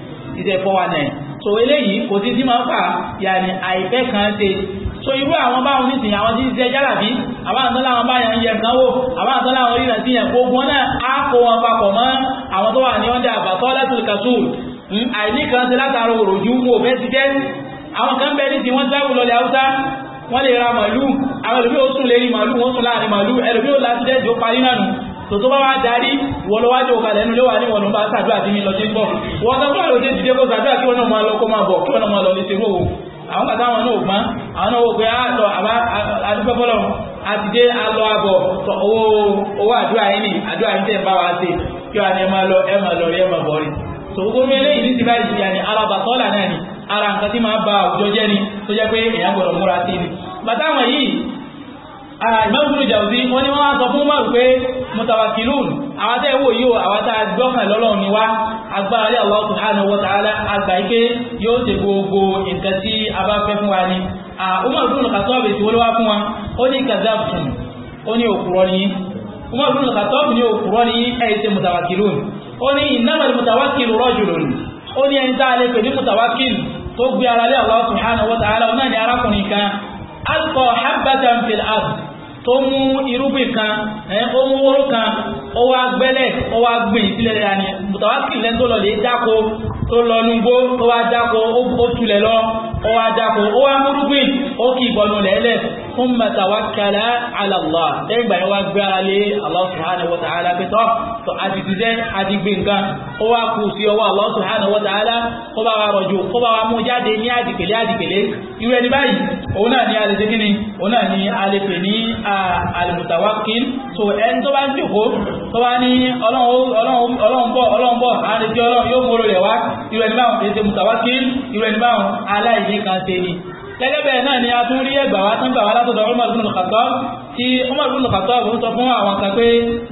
iṣẹ́ fọ́wánà so eléyìí kò sí sí máa yàní àìfẹ́ kan ṣe so irú àwọn báwọn ní ìsìn àwọn tí ń ṣe jálàbí àwọn àtọ́lá àwọn báyà ń yẹ nǹkan àwọn àtọ́lá àwọn orílẹ̀ sí yẹn gbogbo náà á kó wọn papọ̀ mọ́ àwọn tó wà ní ọ́ndà àbàtọ́ lẹ́tùlùkàtù Hmm? àìní kan ṣe látara òròjú wò fẹ́ ti jẹ́ àwọn kan bẹ́ẹ̀ ní ti wọ́n sáwù lọlẹ̀ haúsá wọ́n lè ra màlúù àwọn ẹlòmí ó sùn lérí màlúù wọ́n sùn láàrin màlúù ẹlòmí ó láti jẹ́ ìjọ parí náà nù tó tó bá wá darí wọ́n lọ wájú ọ̀kadà ẹnu léwà ní wọ̀nà bá ṣàdúrà sí mi lọ sí bọ̀ wọ́n sọ fún àlòjé ti dé kó ṣàdúrà kí wọ́n náà máa lọ kó máa bọ̀ kí wọ́n náà máa lọ lè ṣe wò àwọn kàtà wọn náà gbọ́n àwọn náà wò pé àtọ̀ ah, àdúgbẹ́fọ́lọ́ àti dé alọ́ àbọ̀ owó àdúrà yìí ni àdúrà yìí tẹ̀ ń bá wa ṣe kí wọ́n á ní ẹ máa lọ ẹ máa lọ rí ẹ máa bọ̀ rí so gbogbo eléyìí ní ti báyìí yà ní alábàtọ́là náà ni ara nǹkan tí máa ba àwùjọ jẹ́ ni tó jẹ́ pé èèyàn gbọ́dọ̀ múra sí ni bàtà wọn yìí Imam Ibn Jawzi wọ́n ní wọ́n wá sọ fún márùn pé mutawakilun àwọn tẹ́ wò yíò àwọn tá gbọ́kàn lọ́lọ́run ni wá agbára lé Allah subhanahu wa ta'ala àgbà ike yóò ṣe gbogbo nǹkan tí a bá fẹ́ fún wa ni Umar ibn Khattab tí wọ́n wá fún wa ó ní kazabtum ó ní òkúrọ́ ni Umar ibn Khattab ní òkúrọ́ ni ẹ̀ ṣe mutawakilun ó ní innamal mutawakkil rajulun ó ní ẹni tá a lè pè ní mutawakkil tó gbé ara lé Allah subhanahu wa ta'ala náà ní arákùnrin kan alqa habbatan fil ard tó mú irúgbìn kan ó mú wóró kan ó wá gbẹ́lẹ̀ ó wá gbìn sílẹ̀ yàní mutawakkil lẹ́nu tó thumma tawakkala ala Allah lẹ́yìn ìgbà yẹn wá gbé ara lé Allah subhanahu wa ta'ala pé tọ́ tọ́ àdìdìdẹ́ àdìgbé nǹkan ó wá kù sí ọwọ́ Allah subhanahu wa ta'ala kó bá wa rọ̀jò kó bá wa mú jáde ní àdìpèlé àdìpèlé irú ẹni báyìí òun náà ní alẹ́ kíni òun náà ní alẹ́ pè ní al-mutawakkil so ẹni tó bá gẹ́gẹ́ bẹ́ẹ̀ náà ni a tún rí ẹgbà wá tán gbà wá látọ̀dọ̀ Umar ibn al-Khattab tí Umar ibn al-Khattab ń sọ fún àwọn kan pé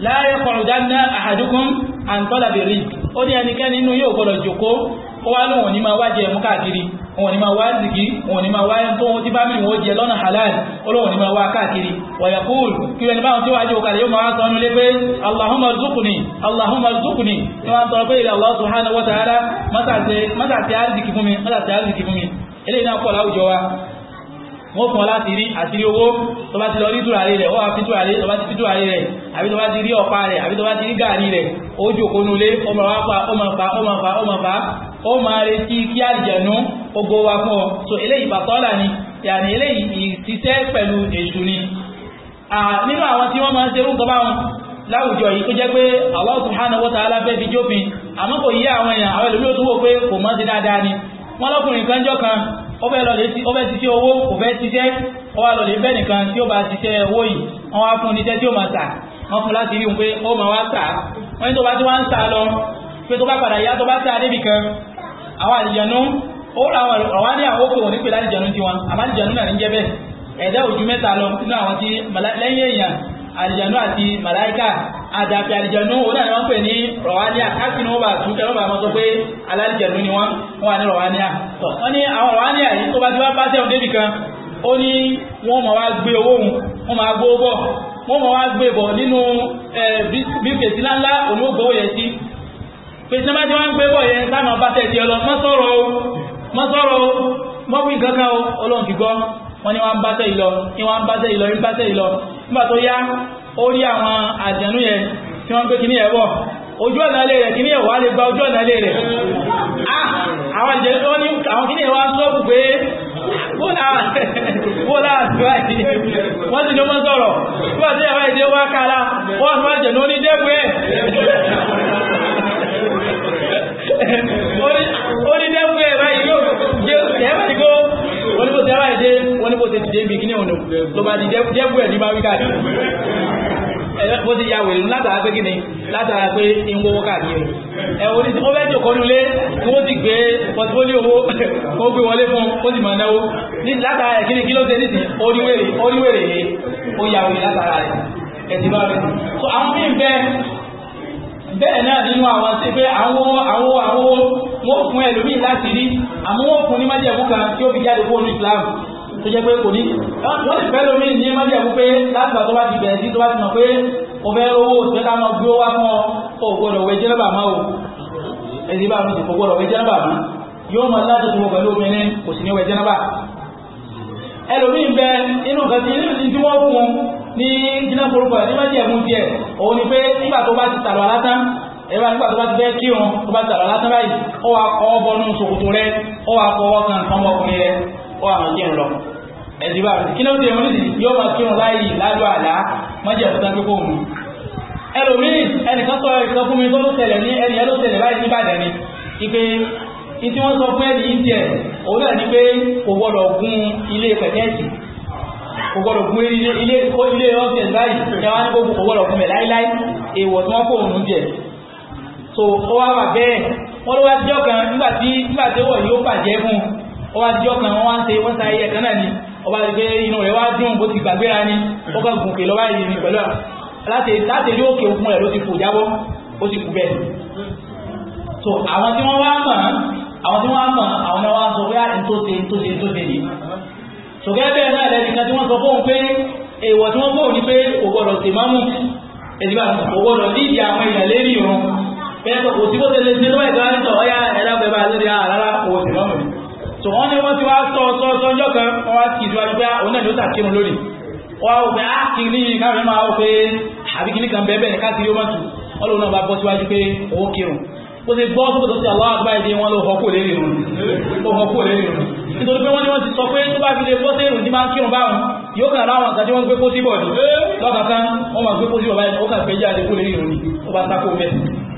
la yaqudanna ahadukum an talabi ó ní ẹnikẹ́ni inú yóò gbọ́dọ̀ jòkó ó wá lóun ní máa wájẹ mú káàkiri òun ní máa wá zìgí òun ní máa wá ẹni tó ń tí bá mìíràn ó jẹ lọ́nà halal olóhùn ní máa wá káàkiri wọ̀yàkúùl kí ẹni báwọn tí wàá jẹ́ òkàlẹ̀ yóò máa sọ nílé pé allahumma rzuqni allahumma rzuqni ni wọ́n sọ pé ilẹ̀ allah subhanahu wa ta'ala mọ́tàtí arziki fún mi mọ́tàtí arziki fún mi eléyìí náà pọ̀ láwùjọ wa wọ́n fún ọ láti rí ri owó tó bá ti lọ rí tùràrí rẹ̀ wọ́n fi tùràrí tó bá ti fi tùràrí rẹ̀ àbí tó ti rí ọ̀pá rẹ̀ àbí tó bá ti rí rẹ̀ ó ó máa pa ó máa pa ó máa pa ó máa pa ó máa retí kí àjẹ̀nú wa fún so eléyìí bàtọ́là ni yàní eléyìí ìṣiṣẹ́ pẹ̀lú èṣù ni nínú àwọn tí wọ́n máa ń ṣerú nǹkan báwọn láwùjọ yìí tó jẹ́ pé Allah fi jófin àmọ́ kò yí àwọn èèyàn àwọn ìlú wọ́n lọ́kùnrin kan jọ kan ó fẹ́ ti ṣe owó kò fẹ́ ti jẹ́ ó wá lọ lè bẹ́ẹ̀ nìkan tí ó bá ti ṣe owó yìí wọ́n wá fún níṣẹ́ tí ó máa tà wọ́n fún láti rí pé ó máa wá tà wọ́n ní tó bá tí wọ́n ń tà lọ pé tó bá padà yá tó bá tà débi kan àwọn àlìjẹ̀nú ó àwọn àwọn ní àwọn òkòwò nípe lálìjẹ̀nú tí wọn àmọ́ àlìjẹ̀nú náà ń jẹ́ bẹ́ẹ̀ ẹ̀dá ojú mẹ́ta lọ nínú àwọn tí lẹ́yìn èèyàn àlìjẹ̀nú àti màláìkà àdàpẹ̀ àlìjẹ̀nú òun náà ni wọ́n pè ní rọ̀wánìá káàkiri wọ́n bá túnkẹ́ wọ́n mọ́ tó pé alálìjẹ̀nú ni wọ́n wà ní rọ̀wánìá wọ́n ní àwọn rọ̀wánìá yìí tó bá ti wá bá tẹ̀wọ̀n débì kan ó ní wọ́n mọ̀ wá gbé owó wọn máa gbó bọ̀ wọ́n mọ̀ wá gbé bọ̀ nínú bífèsì láńlá òun ó gbowó yẹn sí pèsè bá ti wá ń gbé bọ̀ yẹn táwọn bá ó rí àwọn àjẹ̀nú yẹn tí wọ́n gbé kíní ẹ̀wọ̀ ojú ọ̀nà alẹ́ rẹ̀ kíní ẹ̀wọ̀ á lè gba ojú ọ̀nà alẹ́ rẹ̀ ah, àwọn àjẹ̀nú ní àwọn kíní ẹ̀wọ̀ á sọ́ọ̀bù pé bóòlá àtúwáì wọ́n ti ló mọ́ sọ̀rọ̀ fún àti àwọn ìdí wá kára wọ́n fún àjẹ̀nú ní dẹ́gbẹ́ ó ní dẹ́gbẹ́ báyìí yóò jẹ́ báyìí kó wọ́n ní ti dé bí kí ní ọ̀nà tó bá ti dẹ́gbẹ́ ní bá wíkà bó ti ya wèrè látara pé kíni látara pé ìwówó káàkiri ẹ̀wọ̀n ní ó fẹ́ jòkó nulé tí wọ́n ti gbé pọtifólíò owó ó gbé wọlé fún ó sì máa náwó látara ẹ̀ kíni kí ló ṣe nísìn oríwèrè oríwèrè yìí ó ya wèrè látara rẹ̀ ẹ̀sìn bá rẹ̀ so àwọn míì bẹ́ẹ̀ bẹ́ẹ̀ náà nínú àwọn sí pé àwọn àwọn àwọn wọ́n fún ẹlòmíì láti rí àmọ́ wọ́n fún ní májẹ̀mú kan tí ó fi jáde fún Islam tó jẹ́ pé kò ní ah, wọ́n ti fẹ́ lómi ní ẹmọ́dé ẹ̀kú pé láti bàtọ́ bá ti bẹ̀rẹ̀ sí tó bá ti mọ̀ pé o fẹ́ owó òṣìṣẹ́ká mọ́ bí ó wá fún ọ ògbọ́dọ̀ wẹ jẹ́nàbà máa o ẹ̀sìn bá mi kò gbọ́dọ̀ wẹ jẹ́nàbà mọ́ yóò mọ láti tó pẹ̀lú obìnrin kò sì ní wẹ jẹ́nàbà ẹlòmíì bẹ inú nǹkan tí inú ti tí wọ́n fún un ní jiná forúkọ ẹ̀ nígbà tí ẹ̀mú tiẹ̀ òun ni pé nígbà tó bá ti tàlọ́ alátán ẹ̀rọ nígbà tó bá ti bẹ́ kí wọn tó bá ti tàlọ́ alátán báyìí ó wà kọ́ bọ́nú ṣòkòtò rẹ ó wà kọ́ ọkàn ọmọkùnrin rẹ ó wà hàn jẹun lọ ẹ̀dìbà kí ló ti wọn nídìí yóò máa kírun láì lájọ àlá mọ́jẹ̀ fún tán pípò òun ẹlòmíì ẹnìkan sọ ìkan fún mi tó ló tẹ̀lẹ̀ ní ẹni ẹ ló tẹ̀lẹ̀ báyìí níbàdàn ni ipe ìtí wọ́n sọ fún ẹni ìtì ẹ̀ òun náà ni pé kò gbọ́dọ̀ gun ilé pẹ̀tẹ́ẹ̀sì kò gbọ́dọ̀ gun ilé ọ́sẹ̀ báyìí ẹwà ní kò gbọ́dọ̀ gun mẹ̀ láíláí èèwọ̀ tí wọ́n so ó wá wà bẹ́ẹ̀ wọ́n ló wá díjọ́ kan nígbà tí ó wọ̀ yóò bàjẹ́ fún ó wá díjọ́ kan wọ́n wá ń ni ọba ti pé inú rẹ̀ wá dùn bó ti gbàgbéra ni ó kàn gùnkè lọ báyìí ni pẹ̀lú láti ilé òkè òkun rẹ̀ ló ti fò jábọ́ ó ti kú bẹ́ẹ̀ so àwọn tí wọ́n wá mọ̀ àwọn tí wọ́n mọ̀ àwọn náà wá sọ pé à ah, ń tó ṣe ń tó ṣe ń tó ṣe ni so gẹ́gẹ́ bẹ́ẹ̀ náà lẹ́nu kan tí wọ́n sọ fóun pé èèwọ̀ tí wọ́n fóun ni pé ògbọ́dọ̀ sì máa mú ẹ̀dìbà ògbọ́dọ̀ nídìí àwọn èèyàn lérí ìrún bẹ́ẹ̀ kò sí bó ṣe lè ṣe lọ́wọ́ ìgbà ń tọ̀ ọ́yá ẹ̀dá pẹ̀lú àlejò ah, àrárá òwò sì máa mú so wọ́n ní wọ́n ti wá tọ́ tọ́ tọ́ ọjọ́ kan wọ́n wá ti ìdúwájú pé òun náà ló tà kírun lónìí wọ́n wọ́n pé áàkì ní káàrin máa wọ́n pé àbí kìíní kan bẹ́ẹ̀ bẹ́ẹ̀ káàkiri ó mọ̀tù ọlọ́run náà bá bọ́ síwájú pé òun kírun ó ti bọ́ sókòtò sí àwọn àgbà èdè wọn ló họkó lérí rùn nítorí pé wọ́n ní wọ́n ti sọ pé tó bá fi lè bọ́ sí èrùn tí máa ń kírun báwọn yóò kà láwọn àgbà tí wọ́n gbé pósí bọ̀ ní lọ́kàtán wọ́n máa gbé pósí bọ̀ báyìí ó kà fẹ́ jáde kó lérí ìròyìn ó bá sákó mẹ́sì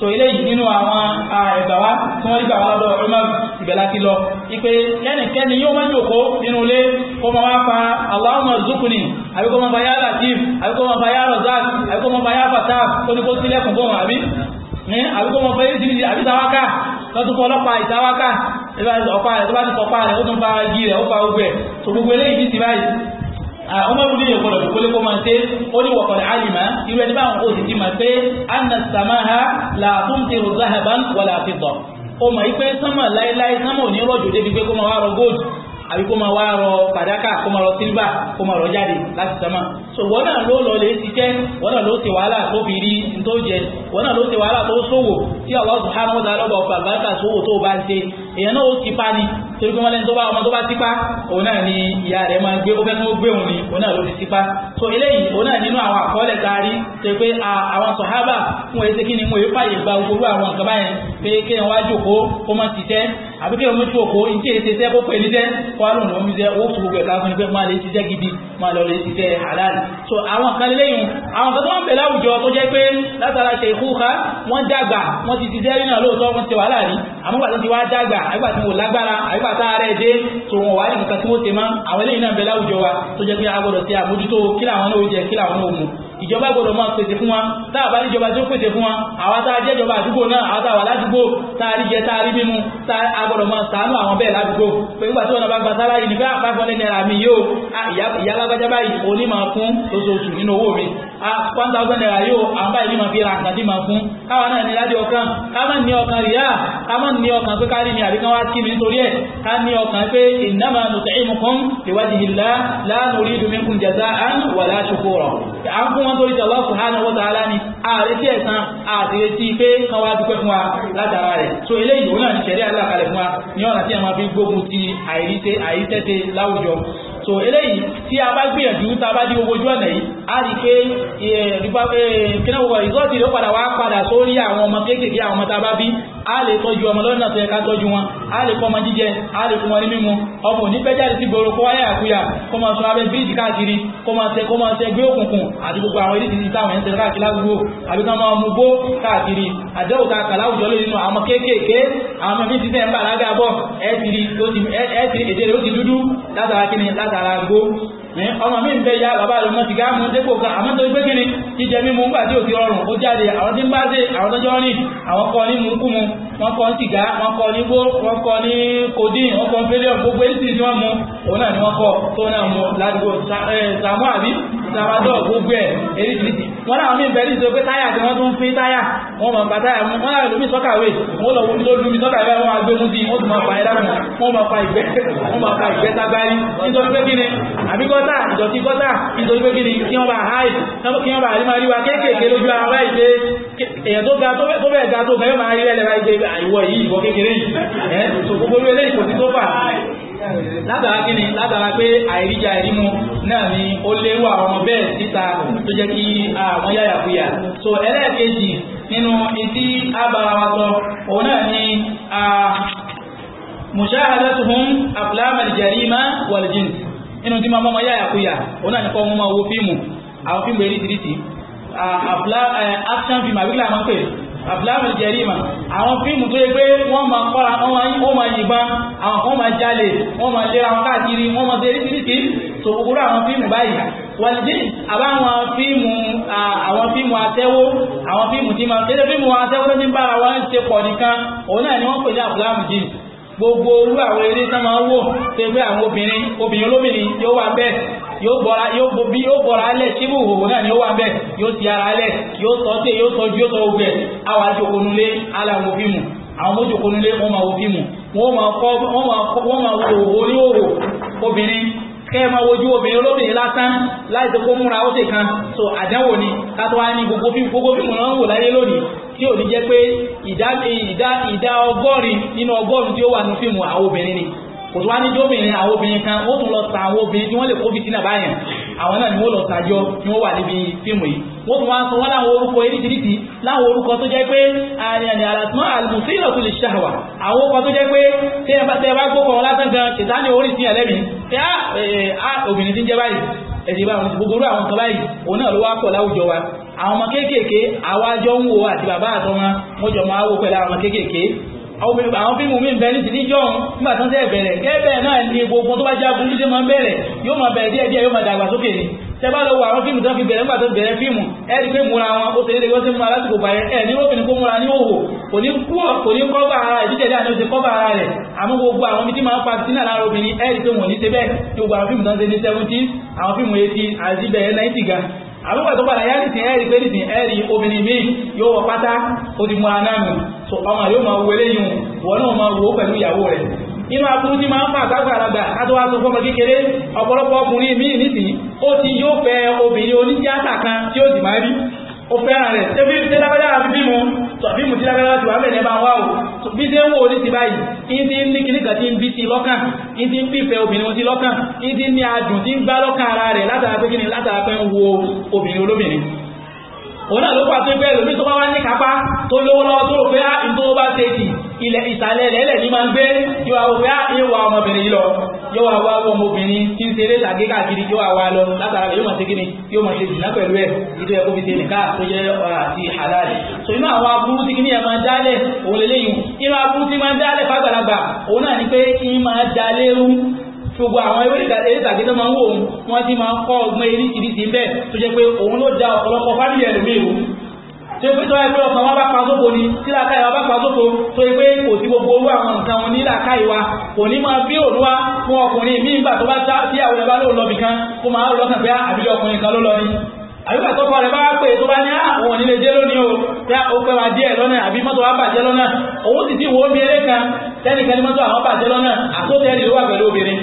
so eléyìí nínú àwọn ẹ̀gbàwá tí wọ́n rí gbà wọ́n lọ́dọ̀ Umar ìbẹ̀lá ti lọ ipe lẹ́nìkẹ́ni yóò máa jòkó nínú ilé kó máa wá pa Allahumma zukuni àbí kó máa pa ya Latif àbí kó máa pa ya Razak àbí kó máa pa ya Fatah tó ní kó sílẹ̀kùn fóun àbí àbí kó máa pa eréjìlì àbí tawaka lọ́túnkọ́ ọlọ́pàá ọmọbìnrin ní ìyẹ̀kọ́ lọ́dún kólé kó máa ṣe ó ní wọ̀kọ̀dà àlìmá irú ẹni báwọn ó sì ti máa pé anna samaha làtún ti rò zahaban wàlà àti tọ̀ ó mọ̀ yí pé sánmà láéláé sánmà ò ní rọ̀jò débi pé kó máa wá rọ gold àbí kó máa wá rọ kó máa rọ sílvà kó máa rọ jáde láti sánmà so wọ́n náà ló lọ lè ṣiṣẹ́ wọ́n náà ló ṣe wàhálà tó fi rí tó jẹ wọ́n náà ló ṣe wàhálà tó ṣòwò tí Allah subhanahu wa ta'ala lọ́gbà ọ̀pọ̀ àgbàkà ṣòwò tó bá ń ṣe èèyàn náà ó ti ni torí pé wọ́n lẹ́nu ọmọ tó bá ti òun náà ni ìyá rẹ̀ máa gbé ó fẹ́ kí wọ́n gbé òun ni òun náà ló fi ti so eléyìí òun náà nínú àwọn àkọọ́lẹ̀ taari ṣe pé àwọn sọ̀hábà fún èsì kí ni mo yóò fàyè gba gbogbo àwọn nǹkan báyẹn pé kí wọ́n wá jòkó kó mọ́ ti tẹ́ àbí kí wọ́n mú jòkó ní tí èsì tẹ́ kó pè ní tẹ́ kó wá lòun omi jẹ́ ó fi gbogbo fún ni so àwọn kan lẹ́yìn àwọn kan tó wọ́n bẹ̀ láwùjọ tó jẹ́ pé látara ṣe ìkúka wọ́n dàgbà wọ́n ti ti dẹ́rìnà lóòótọ́ àmúgbà tó ti wá dàgbà àgbà tí mo lágbára àgbà tá a rẹ̀ dé tó wọn wà ní nǹkan tí wọ́n ti máa àwọn eléyìí náà bẹ láwùjọ wa tó jẹ́ pé a gbọ́dọ̀ ti àmójútó kí làwọn ó jẹ kí làwọn ó mu ìjọba gbọdọ̀ máa pèsè fún wa tá a bá níjọba tí ó pèsè fún wa àwa tá a jẹ́jọba àdúgbò náà àwa tá a wà ládùúgbò tá a rí jẹ tá a rí mímu tá a gbọdọ̀ máa sàánú àwọn bẹ́ẹ̀ ládùúgbò pé nígbà tí wọn bá gba sáláyì ní fẹ́ẹ́ àpapọ̀ ní náírà mi yóò ah, ìyá alágbájá báyìí òní máa fún lóṣooṣù nínú owó mi one ah, thousand naira yóò àwọn báyìí máa fi ra nǹkan tí máa fún káwa náà ní ládìí ọkàn ká wọ́n torí ti Allah subhanahu wa ta'ala ni ààrẹ tí ẹ̀sán àtìrẹ pé kan wá dúpẹ́ fún wa látara rẹ̀ so eléyìí òun náà ní ṣẹ̀rí alákalẹ̀ fún wa ní ọ̀nà tí a máa fi gbógun ti àìríṣẹ́ láwùjọ so eléyìí tí a bá gbìyànjú tá bá di gbogbo ojú ọ̀nà yìí a rí pé eh, eh, kínáwó ìzọ́ọ̀tì ló padà wá padà sórí àwọn ọmọ kéékèèké àwọn ọmọ tá bá bí a lè tọ́jú ọmọ lọ́nà tó yẹ ká tọ́jú wọn a lè fọ́ ọmọ jíjẹ a fún wọn ní mímu ọmọ òní pẹ́ jáde sí gbòòrò kó wáyà àkúyà kó máa sọ abẹ́ bíríìjì káàkiri kó máa tẹ kó máa tẹ gbé òkùnkùn àti gbogbo àwọn ìdíjì táwọn ẹ̀ ń tẹ káàkiri àbí ká máa mú káàkiri àdéhùn lórí àwọn kéékèèké àwọn ọmọ ń bà ẹ̀ ti rí rẹ̀ ọmọ mi ń bẹ ya bàbá rẹ̀ mọ́ sìgá mú dépò kan àmọ́ tó gbé kíni jíjẹ mímu ńgbà tí ò ti rọrùn ó jáde àwọn tí ń bá dé àwọn tọ́jọ́ rìn àwọn kọ́ ní mùkúmu wọ́n kọ́ ní sìgá wọ́n kọ́ ní gbó wọ́n kọ́ ní codeine wọ́n kọ́ ní fẹ́lẹ́ gbogbo èsì tí wọ́n mú òun náà ni wọ́n kọ́ tó náà mú ládùúgbò sàmú àbí sàmádọ́ gbogbo ẹ̀ eréjìlìtì wọ́n náà mí bẹ̀rẹ̀ ìṣòro pé táyà tí wọ́n tún fi táyà wọ́n mọ̀ pàtáyà mú wọ́n náà lómi sọ́kàwé wọ́n lọ wọ́n lómi sọ́kàwé wọ́n agbé mú sí wọ́n tún máa pa ẹ̀dá mọ̀ wọ́n máa pa ìgbẹ́ tágbárí nítorí pé kí àbí gọ́tà ìdọ̀tí gọ́tà nítorí pé kíni kí wọ́n bá háì kí wọ́n bá rí máa rí wa kéékèèké lójú ara wá ìgbé èèyàn tó ga tó bẹ́ẹ̀ ga tó fẹ́ máa rí ẹlẹ́ bá ìgbé àìwọ̀ yìí ìwọ kékeré yìí ẹ̀ tó gbogbo eléyìí kò sí tó fà látara kíni látara pé àìríjà ìrímú náà ni ó léwu àwọn ọmọ bẹ́ẹ̀ síta tó jẹ́ kí àwọn yáyàkuyà inú tí máa mọ́mọ́ yáyà kúyà òun náà ní kọ́ mọ́mọ́ owó fíìmù àwọn fíìmù eréṣiríṣi action film àbíkílà máa ń pè àbúláàmù jẹ̀rìmà àwọn fíìmù tó yẹ pé wọ́n máa kọ́ra wọ́n máa yìnbọn àwọn kan máa jalè wọ́n máa lera wọn káàkiri wọ́n máa ṣe eréṣiríṣi so gbogbo àwọn fíìmù báyìí wàlìdí àbáwọn fíìmù àwọn fíìmù àtẹ́wó àwọn fíìmù tí máa ń tẹ́lẹ̀ fíìmù àtẹ́wó tó ti ń bára wọn ṣe pọ̀ nìkan òun náà ni wọ́n pè ní àbúláàmù jìnnì gbogbo orú àwọn eré tán máa ń wò tó pé àwọn obìnrin obìnrin olóbìnrin yóò wà bẹ́ẹ̀ yóò bọ́ra yóò bo bí yóò bọ́ra alẹ̀ síbù òwò náà ni ó wà bẹ́ẹ̀ yóò ti ara alẹ̀ yóò tọ́ tẹ̀ yóò tọ́jú yóò tọ́ ogun ẹ̀ àwọn àjòkónulé aláwọ̀ fíìmù àwọn mójòkónulé wọ́n máa wo fíìmù wọ́n máa wo òwò ní òwò obìnrin kẹ́ẹ̀mọ ojú obìnrin olóbìnrin lásán láìsí kó múra ó sì kan so àdánwò ni kátọ́wá ní gbogbo fíìmù náà ń wò láyé lónìí tí ò ní jẹ́ pé ìdá ọgọ́rin nínú ọgọ́rùn-ún tí ó wà ní fíìmù àwọn obìnrin ni kò tó wá ní jóbìnrin àwọn obìnrin kan ó tún lọ ta àwọn obìnrin tí wọ́n lè kó fìtínà báyẹn àwọn náà ni wọ́n lọ tàjọ ni wọ́n wà níbi fíìmù yìí wọ́n tún máa ń sọ wọ́n láwọn orúkọ eríṣiríṣi láwọn orúkọ tó jẹ́ pé àrìnàrìn àràtúmọ̀ àlùmùsí ìlọ̀tún lè ṣàwà àwọn orúkọ tó jẹ́ pé tẹ́ bá gbókọ̀ wọn lásán gan ṣètánì orí sí ẹlẹ́mì tí á ah, obìnrin ti ń jẹ́ báyìí ẹ̀sìn ìbáwọn ti gbogbo àwọn kan báyìí òun náà ló wá pọ̀ láwùjọ wa àwọn ọmọ kéékèèké àwa jọ ń wo àti bàbá àtọmọ wọn jọ máa wò pẹ̀lú àwọn kéékèèké àwọn fíìmù mi bẹ̀rẹ̀ sí níjọ́ nígbà tán tẹ́ bẹ̀rẹ̀ gẹ́gẹ́ bẹ́ẹ̀ náà ni gbogbo tó bá jẹ́ aburú tí máa ń bẹ̀rẹ̀ yóò máa bẹ̀rẹ̀ díẹ̀díẹ̀ yóò máa dàgbà ni tẹ́bá lọ wọ àwọn fíìmù tó fi bẹ̀rẹ̀ nígbà tó bẹ̀rẹ̀ fíìmù ẹ̀rí pé múra wọn ó tẹ̀lé wọ́n sí múra lásìkò báyẹn ẹ̀ ní lóbìnrin kó múra ní òwò kò ní kú kò ní kọ́bà ara rẹ̀ jíjẹ̀dẹ̀ àti oṣù kọ́bà ara rẹ̀ àmú gbogbo àwọn ibi tí máa ń pa sínú àlára obìnrin ẹ̀rí pé wọ́n ní 2017 bẹ́ẹ̀ tí gbogbo àwọn fíìmù tó ń ní àwọn ga ó ti yóò fẹ́ obìnrin onítíátà kan tí ó sì máa rí ó fẹ́ràn rẹ̀ ṣé bí ṣe lágbájára fi bímọ tọ̀bímù tí lágbájára ti wà bẹ̀rẹ̀ bá wà ó bí ṣe ń wò ní ti báyìí in ti ní kìíní kan ti ń bí sí lọ́kàn in ti ń pìfẹ́ obìnrin sí lọ́kàn in ti ní adùn tí ń gbá lọ́kàn ara rẹ̀ látara pé kí ni látara pé ń wo obìnrin olóbìnrin òun náà ló pa tó bẹ́ẹ̀ lómi tó bá wá ní kápá tó lówó lọ́wọ́ tó rò pé á ah, ìtò bá ṣe jì ilẹ̀ ìsàlẹ̀ lẹ́lẹ̀ ní máa ń gbé yóò wá wọ́pẹ́ á ah, yóò wá ọmọbìnrin lọ yóò wá wá ọmọbìnrin tí ń ṣeré ṣàgé káàkiri yóò wá wá lọ látara yóò máa ṣe kíni yóò máa ṣe jìnnà pẹ̀lú so inú àwọn aburú tí kíní ẹ̀ máa dálẹ̀ òun lélẹ́yìn inú aburú tí máa dálẹ̀ ni pé kí máa gbogbo àwọn eré ìtàgé tó máa ń wò ó wọ́n ti máa ń kọ́ ọgbọ́n eré ìdíje bẹ́ẹ̀ tó jẹ́ pé òun ló da ọ̀pọ̀lọpọ̀ fámìlì ẹlòmíì o tó yẹ pé tó yẹ pé ọkàn wa bá pa sóko ni tí làákàyè wa bá pa sóko tó yẹ pé kò sí gbogbo owó àwọn nǹkan wọn ní làákàyè wa kò ní máa bí òun wa fún ọkùnrin míì nígbà tó bá sá sí àwọn ẹ̀bá lóun lọ́bì kan kó máa lọ́kàn pé ah, àbílẹ̀ ọkùnrin kan ló lọ ni àbígbà tó kọrẹ bá pè tó bá ní àwọn ah, onílé jẹ́ lónìí o tí ah, ó pẹ́ wa díẹ̀ lọ́nà àbí mọ́tò wa bàjẹ́ lọ́nà òun sì ti wo obìnrin kan tẹ́nìkan ní mọ́tò àwọn bàjẹ́ lọ́nà àtó tẹ́rì ló wà pẹ̀lú obìnrin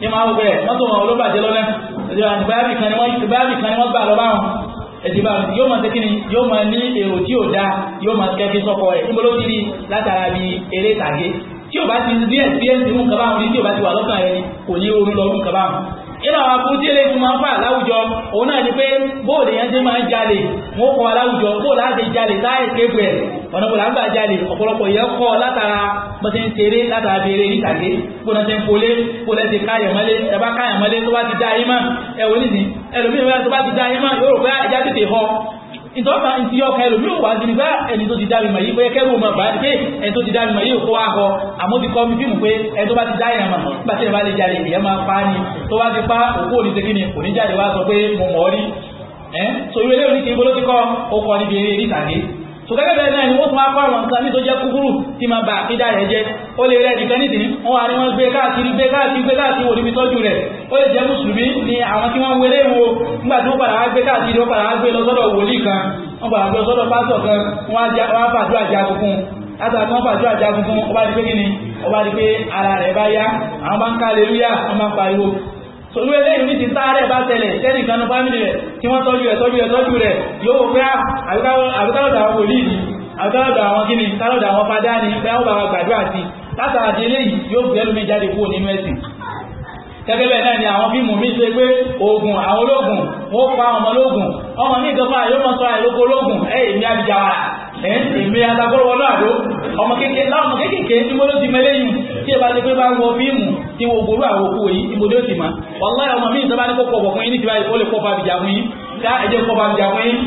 ní máa wọ bẹ́ẹ̀ mọ́tò wọn ló bàjẹ́ lọ́nà ìbáàbì kan ni wọ́n gbà lọ́bàá wọn ẹ̀dìbà yóò máa ṣe kíni yóò máa ní èrò tí ò dáa yóò máa kẹ́kẹ́ sọ́kọ rẹ̀ níbo ló ti rí nínú àwọn aburú tí eléyìí tún máa ń fà láwùjọ òun náà ni pé bóòlù yẹn ti máa ń jalè wọn kọ́ láwùjọ bóòlù á ti jalè láì kéèpù ẹ̀ ọ̀nà bóòlù jalè ọ̀pọ̀lọpọ̀ yẹn kọ́ látara bọ́sẹ̀ ń látara bóòlù ti ń polé bóòlù ti káyọ̀ ẹ̀bá tó ti dá ayé mọ́ ìtọ́ta ìtí ọkà ẹlòmí ò wá jí nígbà ẹni tó ti dárí màá yí pé kẹ́rù ọmọ bá pé ẹni tó ti dárí màá yí ò kó wá kọ àmọ́ ti mi fíìmù pé ẹni tó bá ti dá ìyàmà nígbà tí ẹ jáde ìyẹn máa pa ni tó bá ti pa òkú òní kò ní jáde wá sọ pé mo rí ẹ́ so ìwé lẹ́yìn oníkèé bó ló ti kọ́ ó kọ́ níbi eré ìtàgé so gẹ́gẹ́ náà ni wọ́n tún wá kọ́ àwọn nǹkan ní tó jẹ́ kúkúrú tí ma bà àkídà rẹ̀ jẹ́ ó lè rẹ̀ nìkan nìdí wọ́n wá ní wọ́n gbé káàkiri gbé káàkiri gbé káàkiri wò níbi tọ́jú rẹ̀ ó lè jẹ́ mùsùlùmí ni àwọn tí wọ́n ń wẹlé wo nígbà tí wọ́n padà wá gbé káàkiri wọ́n padà wá gbé lọ sọ́dọ̀ wòlíì kan wọ́n padà gbé lọ sọ́dọ̀ pásítọ̀ kan wọ́n á fàdúrà jagun fún látàrí wọ́n fàdúrà jagun fún ọba di pé kí ni ọba di pé ara rẹ̀ bá yá àwọn bá ń ká sòlú eléyìí ní ti táàrẹ̀ bá tẹ̀lẹ̀ tẹ́lì kanú fámílì rẹ̀ tí wọ́n tọ́jú ẹ̀ tọ́jú ẹ̀ tọ́jú rẹ̀ yóò pé ah, àbíkálọ̀dà àwọn wòlíì ni àbíkálọ̀dà àwọn gíní kálọ̀dà àwọn fadá ni pé àwọn bàbá gbàdúrà sí látara di eléyìí yóò fi ẹlòmí jáde kúrò nínú ẹ̀sìn gẹ́gẹ́ bẹ́ẹ̀ náà ni àwọn fíìmù mi ṣe pé oògùn àwọn ológun ó pa ọmọ ológun ọmọ mi ìjọba yóò mọ sọ àìlóko ológun ẹ èmi àbíjàwà ẹ èmi àtàkùrọ̀wọ́ náà ló ọmọ kékeré láwọn kékeré tí mo ló ti mẹlẹ́yìn tí ẹ bá ti pé bá ń wọ fíìmù tí wọ́n gbogbo àwọn òkú yìí ìmòdé ó sì máa wọ́láyà ọmọ mi ìjọba ní kó pọ̀ fún yín ní ti báyìí ó lè pọ̀ bá bìjà fún yín ká ẹjẹ́ pọ̀ bá bìjà fún yín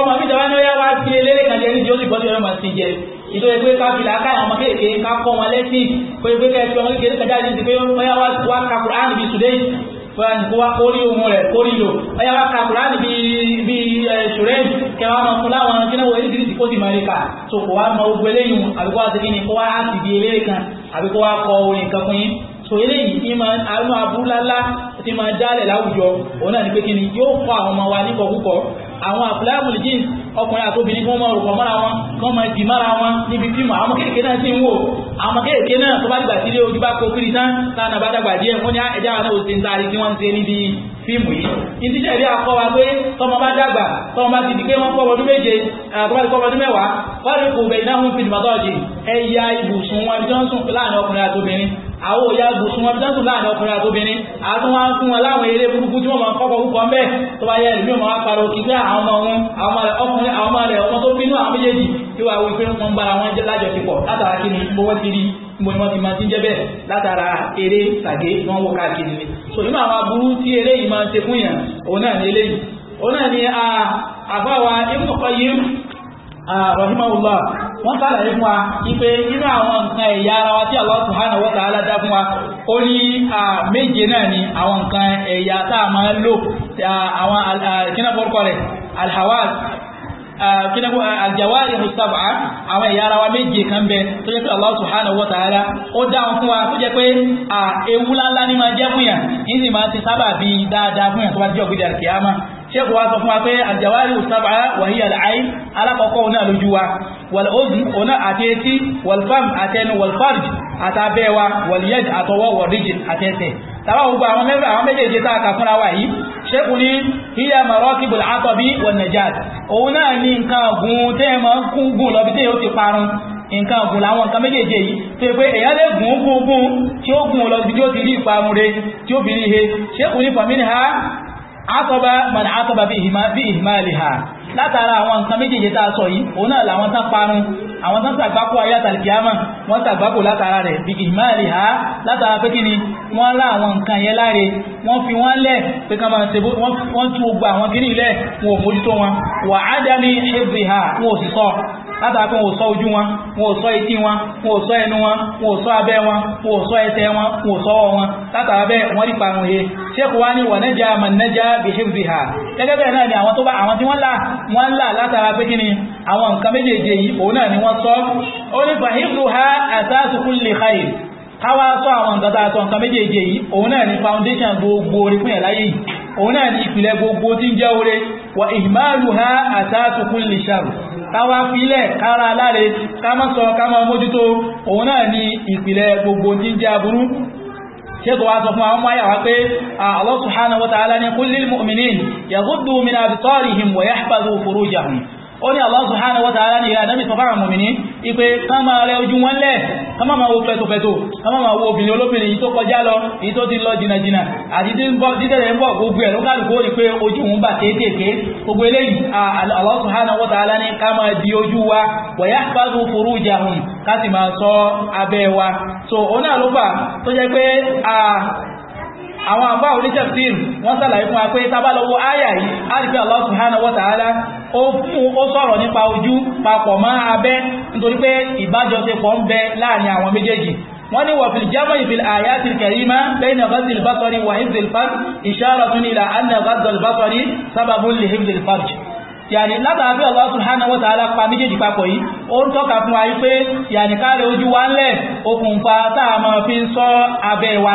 ọmọ mi ìjọba ní ó yá wá sí eléré kàjẹ́ ní jọ́sì bọ́dí ọmọ sí jẹ ìtòyẹ pé ká fìlà ká àwọn ọmọ kéèké ká kọ́ wọn lẹ́sìn pé pé ká ẹ̀sùn ọmọ kéèké kàjá ní ti pé ó yá wá kẹwàá máa fún láwọn ọmọ kínáwó oríṣiríṣi kó sì máa rí ká so kò wá mọ ogun eléyìí àbíkó wá sí kí ni kó wá á sì di eléré kan àbíkó wá kọ orin kan fún so eléyìí tí ma àánú abúlálá tí ma dálẹ̀ láwùjọ òun náà ni pé kíni yóò kọ àwọn ọmọ wa nípa púpọ̀ àwọn àfúláàmùlì jeans ọkùnrin àtòbìnrin kan máa rùpọ̀ mọ́ra wọn kan máa dì mọ́ra wọn níbi fíìmù àwọn kéèké náà sì ń wò àwọn kéèké náà tó bá dìgbà sílé ojú bá kó kiri tán lánàá bá dàgbà díẹ̀ wọ́n ní ah, ẹja àwọn náà ò sí ń taari tí wọ́n ń ṣe níbi fíìmù yìí ìdí sẹ̀rí akọ wa pé tọmọ bá dàgbà tọmọ bá ti di pé wọ́n kọ́ ọdún méje àtọ́mọ́ ọdún mẹ́wàá àwọn òyà gùsùn wọn dákùn láàrin ọkùnrin àtóbìnrin àtún wá ń fún wọn láwọn eré burúkú tí wọ́n máa kọ́kọ́ púpọ̀ ń bẹ́ tó bá yẹ ẹ̀lú yóò máa pariwo kí pé àwọn ọmọ wọn àwọn ọkùnrin àwọn ọmọ rẹ̀ ọmọ tó bínú àwọn méjèèjì yóò wá wípé wọn bára wọn lájọṣepọ̀ látara kí ni owó ti rí mo ni wọ́n ti máa ti ń jẹ́ bẹ́ẹ̀ látara eré tàgé wọn wọ káàkiri ni so nínú àwọn aburú tí eléyìí máa ń ṣe fún yàn òun náà ni eléyìí òun náà ni àbáwa ibùkọ́ yìí rahimahullah wọ́n sàlàyé fún wa ipe nínú àwọn nǹkan ẹ̀yà ara wa tí Allah subhanahu wa ta'ala dá fún wa ó ní méje náà ni àwọn nǹkan ẹ̀yà tá a máa ń lò àwọn kínàbọ̀kọ rẹ̀ alhawaz kínàbọ̀ aljawari mustapha àwọn ẹ̀yà ara wa méje kan bẹ tó jẹ́ pé Allah subhanahu wa ta'ala ó dá wọn fún wa tó jẹ́ pé ewu ńláńlá ni máa jẹ́ fún yàn ní sì máa ti sábà bí dáadáa fún yàn tó bá jẹ́ òkúta kìámà ṣé kò sọ fún wa pé aljawari mustapha wàhíyà láì alákọ̀ọ́kọ́ náà lójú wa wàlóòdì ọ̀nà àti etí wàlfàm àtẹnu wàlfàrj àtàbẹ́wà wàlíyẹ́d àtọwọ́ wọ̀ríjìn àtẹ́sẹ̀ tàbáwọn gbogbo àwọn mẹ́fà àwọn méjèèjì tá a kà fúnra wà yìí ṣẹ́kù ní híyà marọ́kì bùl àtọ̀bí wọ̀nẹ̀jáàd òun náà ní nǹkan gùn tẹ́ ma ń kún gùn lọ bí tẹ́ yóò ti parun nǹkan gùn láwọn nǹkan méjèèjì yìí tó pé èyàn lè gùn gùn gùn tí ó gùn lọ bí ó ti rí ìparun re tí ó fi rí he ṣẹ́kù ní fàmílì ha àtọ̀bá mọ̀nà àtọ̀bá bí ìhìmáàlì ha látara àwọn nǹkan méjèèjì tá a sọ yìí òun náà làwọn tán parun àwọn tán sàgbákò ayé àtàlìkíámà wọ́n sàgbákò látara rẹ̀ bí kì máa ha látara pé kí ni wọ́n lá àwọn nǹkan yẹn láre wọ́n fi wọ́n lẹ̀ pé ká máa tẹ̀bó wọ́n tú gbà àwọn kìíní wọn ò mójútó wọn wà á dá mi ṣe ha wọn ò sì sọ látara pé wọ́n sọ ojú wọn wọ́n sọ etí wọn wọ́n sọ ẹnu wọn wọ́n sọ abẹ́ wọn wọ́n sọ ẹsẹ̀ wọn wọ́n sọ ọwọ́ wọn látara bẹ́ẹ̀ wọ́n rí parun he ṣéèkù wá ní wọ̀n nẹ́jà mà nẹ́jà bìhébì ha gẹ́gẹ́ bẹ́ẹ̀ náà ni àwọn tó bá àwọn tí wọ́n là wọ́n là látara pé kí ni àwọn nǹkan méjèèjì yìí òun náà ni wọ́n sọ ó ní fàhíbù ha àtàtù kulli khair káwá sọ àwọn nǹkan tá nǹkan méjèèjì yìí òun náà ni foundation gbogbo orí fún ẹ̀ láyé yìí òun náà ni ìpìlẹ̀ gbogbo tí ń jẹ́ oore wà ìmáàlù ha àtàtù kulli sharr káwà fílẹ̀ kára aláre kámọ́ sọ kámọ́ mójútó òun náà ni ìpìlẹ̀ gbogbo tí ń jẹ́ aburú ṣètò wa sọ fún àwọn máyà wá pé Allah subhanahu wa ta'ala ní kullil mu'minin yaghuddu min absarihim wa yahfazu furujahum ó ní Allah subhanahu wa ta'ala ni, ìrànà mi sọfára mọ̀mí ní ipé ká máa rẹ ojú wọn lẹ̀ ká máa wo pẹ̀tọ̀pẹ̀tọ̀ ká máa wo obìnrin olóbìnrin yìí tó kọjá lọ èyí tó ti lọ jìnàjìnà àti dídẹ̀rẹ̀ ń bọ̀ gbogbo ẹ̀ ló kálukú pé ojú òun bà kéékèèké gbogbo Allah subhanahu wa ta'ala ní ká máa di ojú wa wa yahfazu furujahum ká wa so òun náà ló fà àwọn àbá oníṣẹ́sìn wọ́n sàlàyé fún wa pé tá bá lọ wo áyà yìí á rí pé Allah subhanahu wa ta'ala ó fún ó sọ̀rọ̀ nípa ojú papọ̀ mọ́ abẹ́ nítorí pé ìbájọsepọ̀ ń bẹ láàrin àwọn méjèèjì wọ́n ní wà fìlì jámọ́ ìfìl àyàtì kẹrìmá bẹ́ẹ̀nà gázil bátọrí wà hìfìl farj ìṣára tún nílà anna gázil bátọrí sábàbùn lè hìfìl farj yàní látàbí Allah subhanahu wa ta'ala pa méjèèjì papọ̀ yìí ó ń tọ́ka fún ayé pé yàní káàrẹ ojú wa ń lẹ̀ okùnfà táà fi ń sọ abẹ́ wa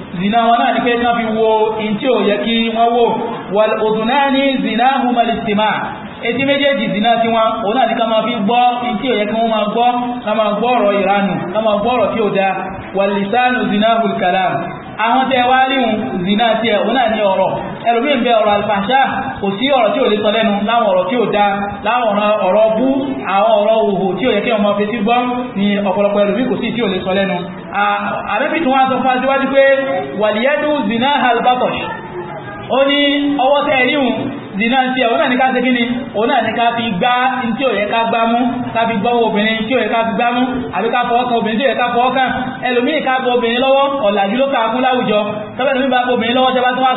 zina wọn náà ní pé kán fi wo in tí ò yẹ kí wọ́n wò wal udunani zinahuma listima etí méjèèjì zina tí wọn òun náà ní ká máa fi gbọ́ in tí ò yẹ kí wọ́n máa gbọ́ ká máa gbọ́ ọ̀rọ̀ ìranù ká máa gbọ́ ọ̀rọ̀ tí ò da wal lisanu zinahul kalam àwọn tẹ wá ríhun zina tí ẹ̀ òun náà ní ọ̀rọ̀ ẹlòmí ń bẹ ọ̀rọ̀ àlùfàṣà kò sí ọ̀rọ̀ tí ò lè sọ lẹ́nu láwọn ọ̀rọ̀ tí ò da láwọn ọ̀rọ̀ bú àwọn ọ̀rọ̀ òhò tí ò yẹ kí ọmọ fetí gbọ́ ni ọ̀pọ̀lọpọ̀ ẹlòmí kò sí tí ò lè sọ lẹ́nu àrẹ́bí halbatosh ó ní ọwọ́ zina ń tiẹ̀ òun náà ní ká ṣe kí ni òun náà ní ká fi gbá tí ò yẹ ká gbá mú ká fi gbọ́wọ́ obìnrin tí ò yẹ ká fi gbá mú àbí ká fọwọ́ kan obìnrin tí ò yẹ ká fọwọ́ kan ẹlòmíì ká bọ obìnrin lọ́wọ́ ọ̀làjú ló kàá kún láwùjọ tọ́bẹ̀ lómi bá bọ obìnrin lọ́wọ́ jọba tó wá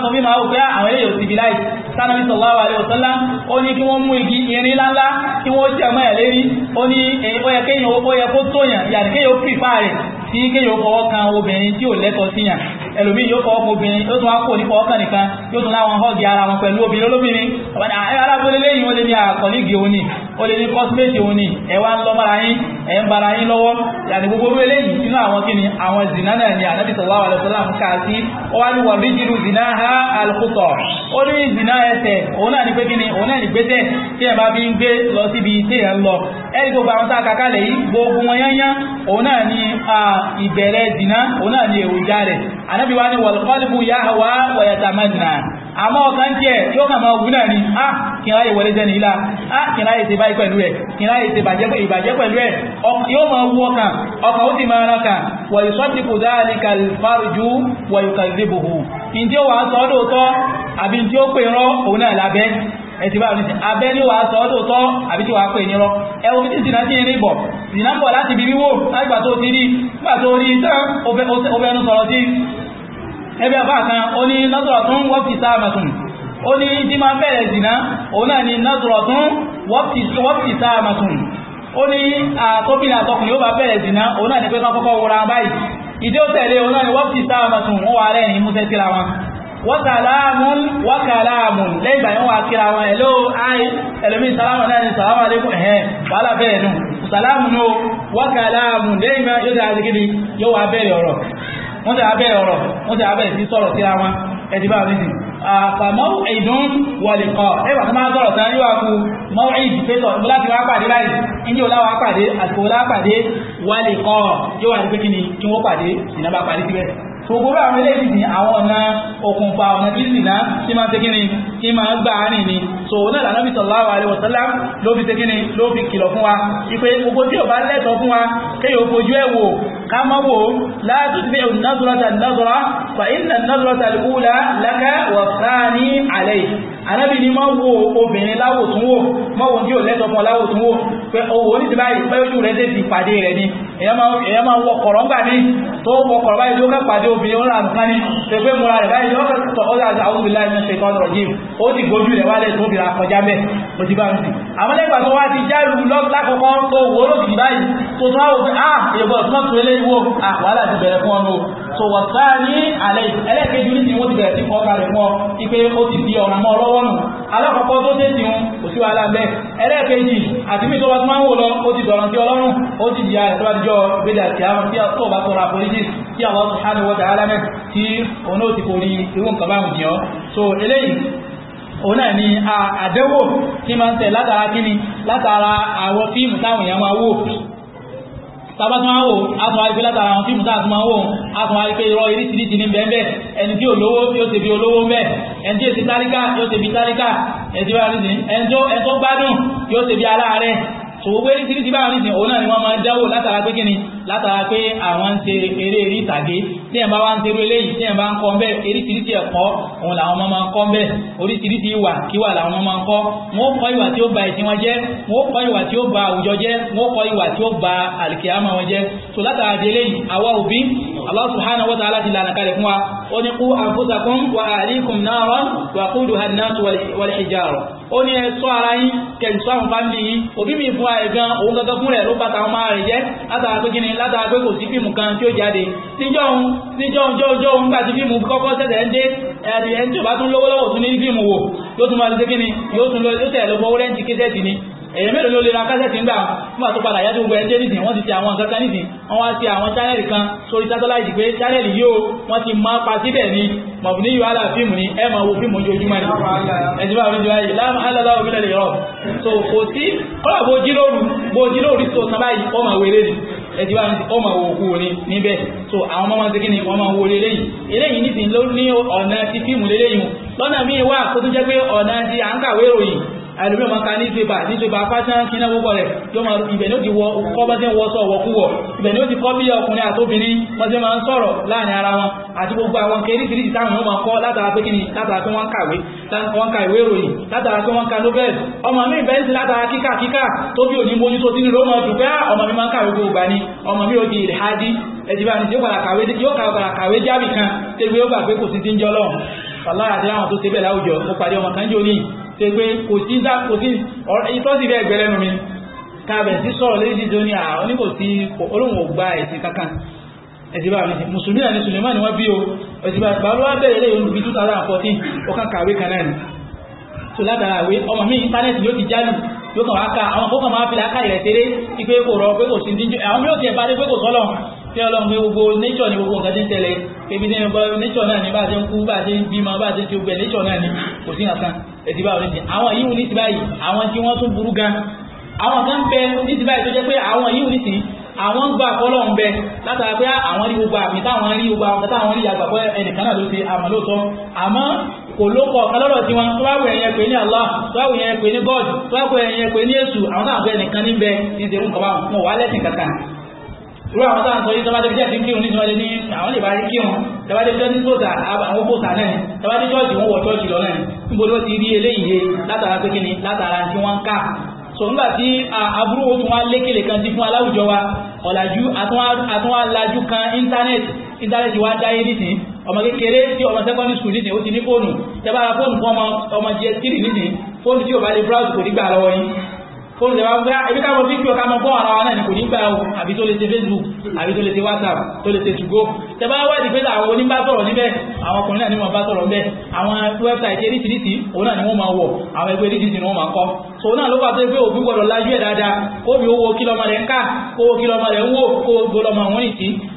sọ ẹlòmí yóò fọwọ́ kó obìnrin yóò tún wá kó nípa ọkàn nìkan yóò tún láwọn họ́ọ̀gì ara wọn pẹ̀lú obìnrin olóbìnrin ọ̀bàdà ah, alábọ́lé lẹ́yìn olè ní àkọ́lígì ah, òun ni olè ní kọ́símẹ́tì òun ni ẹ wá ń lọ bára yín ẹ ń bára yín lọ́wọ́ yàtì gbogbo owó eléyìí nínú àwọn kí ni àwọn zìnà náà ni ànábì sallallahu alaihi wasallam ká sí ó wá ní wà bí jírù zìnà ha alùpùpọ̀ ó ní zina ẹsẹ̀ òun náà ní pé kí ni òun náà ní gbẹ́sẹ̀ tí ẹ bá fi ń gbé lọ síbi tí ẹ ń lọ ẹni gbogbo àwọn tá a kàkálẹ̀ yìí gbogbo wọn yányán òun náà ní ah, ìbẹ̀rẹ̀ zìnà òun ànábì wa ni wọ̀lùkọ́lùbù yá wa wọ̀yàtà mẹ́nà àmọ́ ọ̀kan jẹ́ yóò kàn máa gúnà ní á kí n ráyè wọlé jẹ́ nílá á ah, kí n ráyè ṣe báyìí pẹ̀lú ẹ̀ o n ráyè ṣe ìbàjẹ́ pẹ̀lú ẹ̀ yóò máa wú ọkàn ọkàn ó sì máa rán kàn wọ̀yì sọ́ọ̀tì kò dáàlì kàlfàrùjú wọ̀yì kàlìbùhù ǹjẹ́ wàá sọ ọ́ o àbí ǹjẹ́ ó pè rán òun náà lábẹ́ ẹ̀sì bá oníṣẹ́ abẹ́ ní wàá sọ ọ́dọ̀ tọ́ àbí tí wàá pè ní rọ ẹwọ bí ìsìnà tí ìrìn bọ̀ ìsìnà bọ̀ láti bí wíwò lágbà tó ti rí gbà tó rí tán ó fẹ́ ẹnu sọ̀rọ̀ sí ẹbí àbá kan ó ní nọ́tọ̀ọ̀tún wọ́pì sáàmàtún ó ní tí máa bẹ̀rẹ̀ zìnà òun náà ni nọ́tọ̀ọ̀tún wọ́pì sáàmàtún ó ní àtọ́bìnrin àtọkùn yóò bá bẹ̀rẹ̀ zìnà òun náà ni pé kọ́kọ́ wọra báyìí ìdí ó tẹ̀lé òun náà ni wọ́pì sáàmàtún wọ́n wà rẹ̀ ní mú tẹ́tíra wọn wọ́kàláàmùn wọ́kàláàmùn lẹ́gbà yíò wà kíra wọn ẹ̀lọ́ àì ẹlòmí sàlámù náà ni sàlámù alékún ẹ̀hẹ́ wàhálà bẹ́ẹ̀ nù sàlámù náà wọ́kàláàmùn lẹ́gbà yóò dáa sí gidi yóò wà bẹ́ẹ̀ ọ̀rọ̀ wọ́n ti abẹ́ ọ̀rọ̀ wọ́n ti abẹ́ sí sọ̀rọ̀ síra wọn ẹ̀dì bá mi sì àfàmọ́ ìdún wọlé kọ ẹwà tó máa ń sọ̀rọ̀ sáré wà kú mọ́ ìdí pẹ́tọ̀ láti wá pàdé láì ní ọlá wá pàdé àti ọlá pàdé gbogbo àwọn eléyìí ni àwọn ọ̀nà okùnfà ọ̀nà bísì náà tí máa tẹ́ kíni kí máa gbà á nì ni so náà lànà bí sallallahu alaihi wasallam ló fi tẹ́ kíni ló fi kìlọ̀ fún wa ipe gbogbo tí ò bá lẹ́tọ̀ fún wa kéyò fojú ẹ̀ wò ká mọ́ wò látúntí bí ẹ̀rùn nazrata nazra fa inna nazrata al-ula laka wa thani alayhi anábì ni máa wo obìnrin láwò tún wò mọ́wò tí ò lẹ́tọ̀ fún láwò tún wò pé owó ní kọ̀rọ̀ ń gbà ní tó wọ kọ̀rọ̀ báyìí tó ká pàdé obìnrin ó ràn kán ní ṣe pé mọ́ra rẹ̀ báyìí lọ́kàn tọ̀ ọ́ láti àwọn obìnrin láti ṣe tọ́nà yìí ó ti gbójú rẹ̀ wálẹ̀ tó obìnrin akọjá mẹ́ mo ti bá ń sì àmọ́ lẹ́gbà tó wá ti já lu lákọ̀ọ́kọ́ tó wò ó lòdì àwọn obìnrin ah èèbọ̀ tó tó lé wo wàhálà ti bẹ̀rẹ̀ fún ọmọ so wà sáà ní alẹ́ ẹlẹ́kẹ̀ẹ́jú ní ti wọ́n ti bẹ̀rẹ̀ sí kọ́ kalẹ̀ fún ọ ipe ó ti di ọ̀ràn mọ́ lọ́wọ́ nù alákọ̀ọ́kọ́ tó tẹ́ tiun kò sí wàhálà bẹ́ẹ̀ ẹlẹ́ẹ̀kejì àti mi tó bá tún máa ń wò lọ ó ti dọ̀ràn sí ọlọ́run ó ti di tí Allah subhanahu wa ta'ala náà tí òun náà ti kò rí irú nǹkan báwọn jẹ́ ọ́ so eléyìí òun náà ni àdẹ́wò tí máa ń tẹ̀ látara kíni látara àwọn fíìmù táwọn èèyàn máa wò tàbá tó máa wò ápùn àrífẹ́ látara àwọn fíìmù táà tó máa wò ápùn àrífẹ́ irọ́ irísìírísìí ní bẹ̀ẹ̀bẹ̀ ẹni tí olówó yóò tẹ̀bi olówó mẹ́ ẹni tí èsì táríkà yóò tẹ̀bi táríkà ẹni tí ó gbádùn yóò tẹ̀bi aláàárẹ̀ so gbogbo eré títí bá rí sin òun náà ni wọ́n máa dáwò látara pé kíni látara pé àwọn ń ṣe eré eré ìtàgé tí ẹ̀ bá wá ń ṣe eré eléyìí tí ẹ̀ bá ń kọ́ ń bẹ́ eré títí ẹ̀kọ́ òun làwọn ọmọ máa ń kọ́ ń bẹ́ oríṣiríṣi ìwà kíwà làwọn ọmọ máa ń kọ́ wọn ó kọ́ ìwà tí ó ba ẹ̀sìn wọn jẹ́ wọn ó kọ́ ìwà tí ó ba àwùjọ jẹ́ wọn kọ́ ìwà tí ó ba àlìkìyàmọ̀ so látara di eléyìí àwa Allah subhanahu wa ta'ala ti lànà kalẹ̀ fún wa ó ní qu anfusakum wa ahlikum naran waquduha an-nas wal hijara ó ní ẹ ṣọ́ ara yín kẹ̀sọ́ àwọn fáńdì yín òbí mi fún ààrẹ gan òun gangan fún rẹ̀ ló bàtà ọmọ rẹ̀ jẹ́ látara pé kíni látara pé kò sí fíìmù kan tí ó jáde níjọ́ òun níjọ́ òjò òjò òun gbà tí fíìmù kọ́kọ́ tẹ̀sẹ̀ ń dé ẹni tí ò bá tún lówó lọ́wọ́ tún ní fíìmù wò yóò tún máa ṣe kíni yóò tún lọ yóò tẹ̀ lọ́wọ́ rẹ́ǹtì kéṣẹ́ẹ̀tì ni èyàn mélòó ló lè ra kásẹ̀tì ńgbà nígbà tó padà yájú gbogbo ẹjẹ́ nìsín wọ́n ti ti àwọn nǹkan kan nìsín wọ́n wá ti àwọn chánẹ́lì kan sórí sátáláìtì pé chánẹ́lì yóò wọ́n ti máa pa síbẹ̀ ni mọ̀bù ní yóò hálà fíìmù ni ẹ máa wo fíìmù ojoojúmọ́ ni ẹ̀jẹ̀ bá oríjì báyìí láàmú alálá òmìnira lè rọ̀ so kò sí kọ́lá bó jíròrù bó jíròrù tó san báyìí ó máa wéré ni ẹ̀jẹ̀ bá ó máa wo òkú ni níbẹ̀ so àwọn ọmọ máa ń ṣe kí ni wọ́n máa wo lélẹ́yìn eléyìí nìsín ló ní ọ̀nà ti fíìmù lélẹ́yìn lọ́nà míì wà tó tún jẹ́ pé ọ̀nà ti à ń kàwé ìròyìn ẹlòmí ọmọ ká ní ìjọba níjọba apáṣán kíná gbogbo rẹ̀ tí ó máa ibẹ̀ ní ó ti wọ kọ́ bá tí wọ́n sọ wọ́kúwọ̀ ibẹ̀ ní ó ti kọ́ bí ọkùnrin àtóbìnrin wọ́n ti máa ń sọ̀rọ̀ láàrin ara wọn àti gbogbo àwọn kéríkìríkì táwọn ọmọ kọ́ látara pé kíni látara pé wọ́n kàwé wọ́n ka ìwé ìròyìn látara pé wọ́n ka nobel ọmọ mi ìbẹ̀ ń ti látara kíkà kíkà tó bí òní mojú tó sínú lọ́mọ jù pé ah, ọmọ mi máa ń kàwé gbogbo ṣe pé kò sí dá kò sí ìtọ́sí bẹ́ẹ̀ gbẹ̀rẹ́ nu mi kábẹ̀ sí sọ̀rọ̀ léjì tó ní àwọn oníkò sí olóhùn ògbà ẹ̀sìn kankan ẹ̀sìn bá mi mùsùlùmí àti sùlẹ̀mán ni wọ́n bí o ẹ̀sìn bá bẹ̀rẹ̀ lẹ́yìn olùbí 2014 ó kàn kàwé kan náà ni tó látara àwé ọmọ mi íńtánẹ́ẹ̀tì yóò ti jálù yóò kàn wá ká àwọn kókàn máa fi láká ilẹ̀ tẹ́lẹ̀ ipe kò rọ pé kò sí díjú àwọn yóò ti ẹ̀bá dé pé kò sọ́lọ̀ pé ọlọ́run pé gbogbo nature ni gbogbo nǹkan ti ń tẹ̀lé ebi ní nature náà ni bá a ń kú bá a ń bímọ bá a ṣe ti gbẹ nature náà ni kò sí nǹkan ẹ̀tì báwọn ní ti àwọn yìí ní ti báyìí àwọn tí wọ́n tún burú gan àwọn kan bẹ ní ti báyìí tó jẹ́ pé àwọn yìí ní ti àwọn gba àkọlọ́ ń bẹ látara pé àwọn rí gbogbo àmì táwọn rí gbogbo àwọn táwọn rí àgbà pé ẹnìkan náà ló ti àmà lóòótọ́ àmọ́ kò ló kọ ọ̀kan lọ́rọ̀ tiwọn tó wáwò ẹ̀yẹ pé ní Allah tó wáwò ẹ̀yẹ pé ní God tó wáwò ẹ̀yẹ pé ní Èṣù àwọn táwọn fẹ́ nìkan ní bẹ ní ìdèrú nǹkan wọn wà lẹ́sìn kankan irú àwọn táwọn sọ yìí tọ́bádé jẹ́ ti kírun ní tọ́bádé ní àwọn lè bá rí kírun tọ́bádé jọ́ ní níbo ló ti rí eléyìí látara pé kíni látara tí wọ́n ń kà so nígbà tí aburú wo tún wá lékele kan ti fún aláwùjọ wa ọ̀làjú àtúnwá lajú kan íńtánẹ́ẹ̀tì íńtánẹ́ẹ̀tì wa dáyé nísìn ọmọ kékeré tí ọmọ secondary school nísìn ó ti ní fóònù tẹ́bára fóònù fún ọmọ ọmọ gs3 fóònù tí ò lè browse kò ní gbà lọ́wọ́ yín fóònù tẹ́bára àbí tó lè ṣe facebook àbí tó lè ṣe whatsapp tó lè ṣe ṣùgbó tẹ́bá wádìí pé àwọn oníbá sọ̀rọ̀ níbẹ̀ àwọn ọkùnrin náà ni wọ́n bá sọ̀rọ̀ bẹ́ẹ̀ àwọn website eríṣiríṣi òun náà ni wọ́n máa wọ̀ àwọn ẹgbẹ́ eríṣiríṣi ni wọ́n máa kọ́ so náà ló pàtó pé òbí gbọ́dọ̀ lájú ẹ̀ dáadáa kó mi owó kí lọ́mọ rẹ̀ ń ká owó kí rẹ̀ ń wò kó gbọ́dọ̀ máa wọ́n nìtì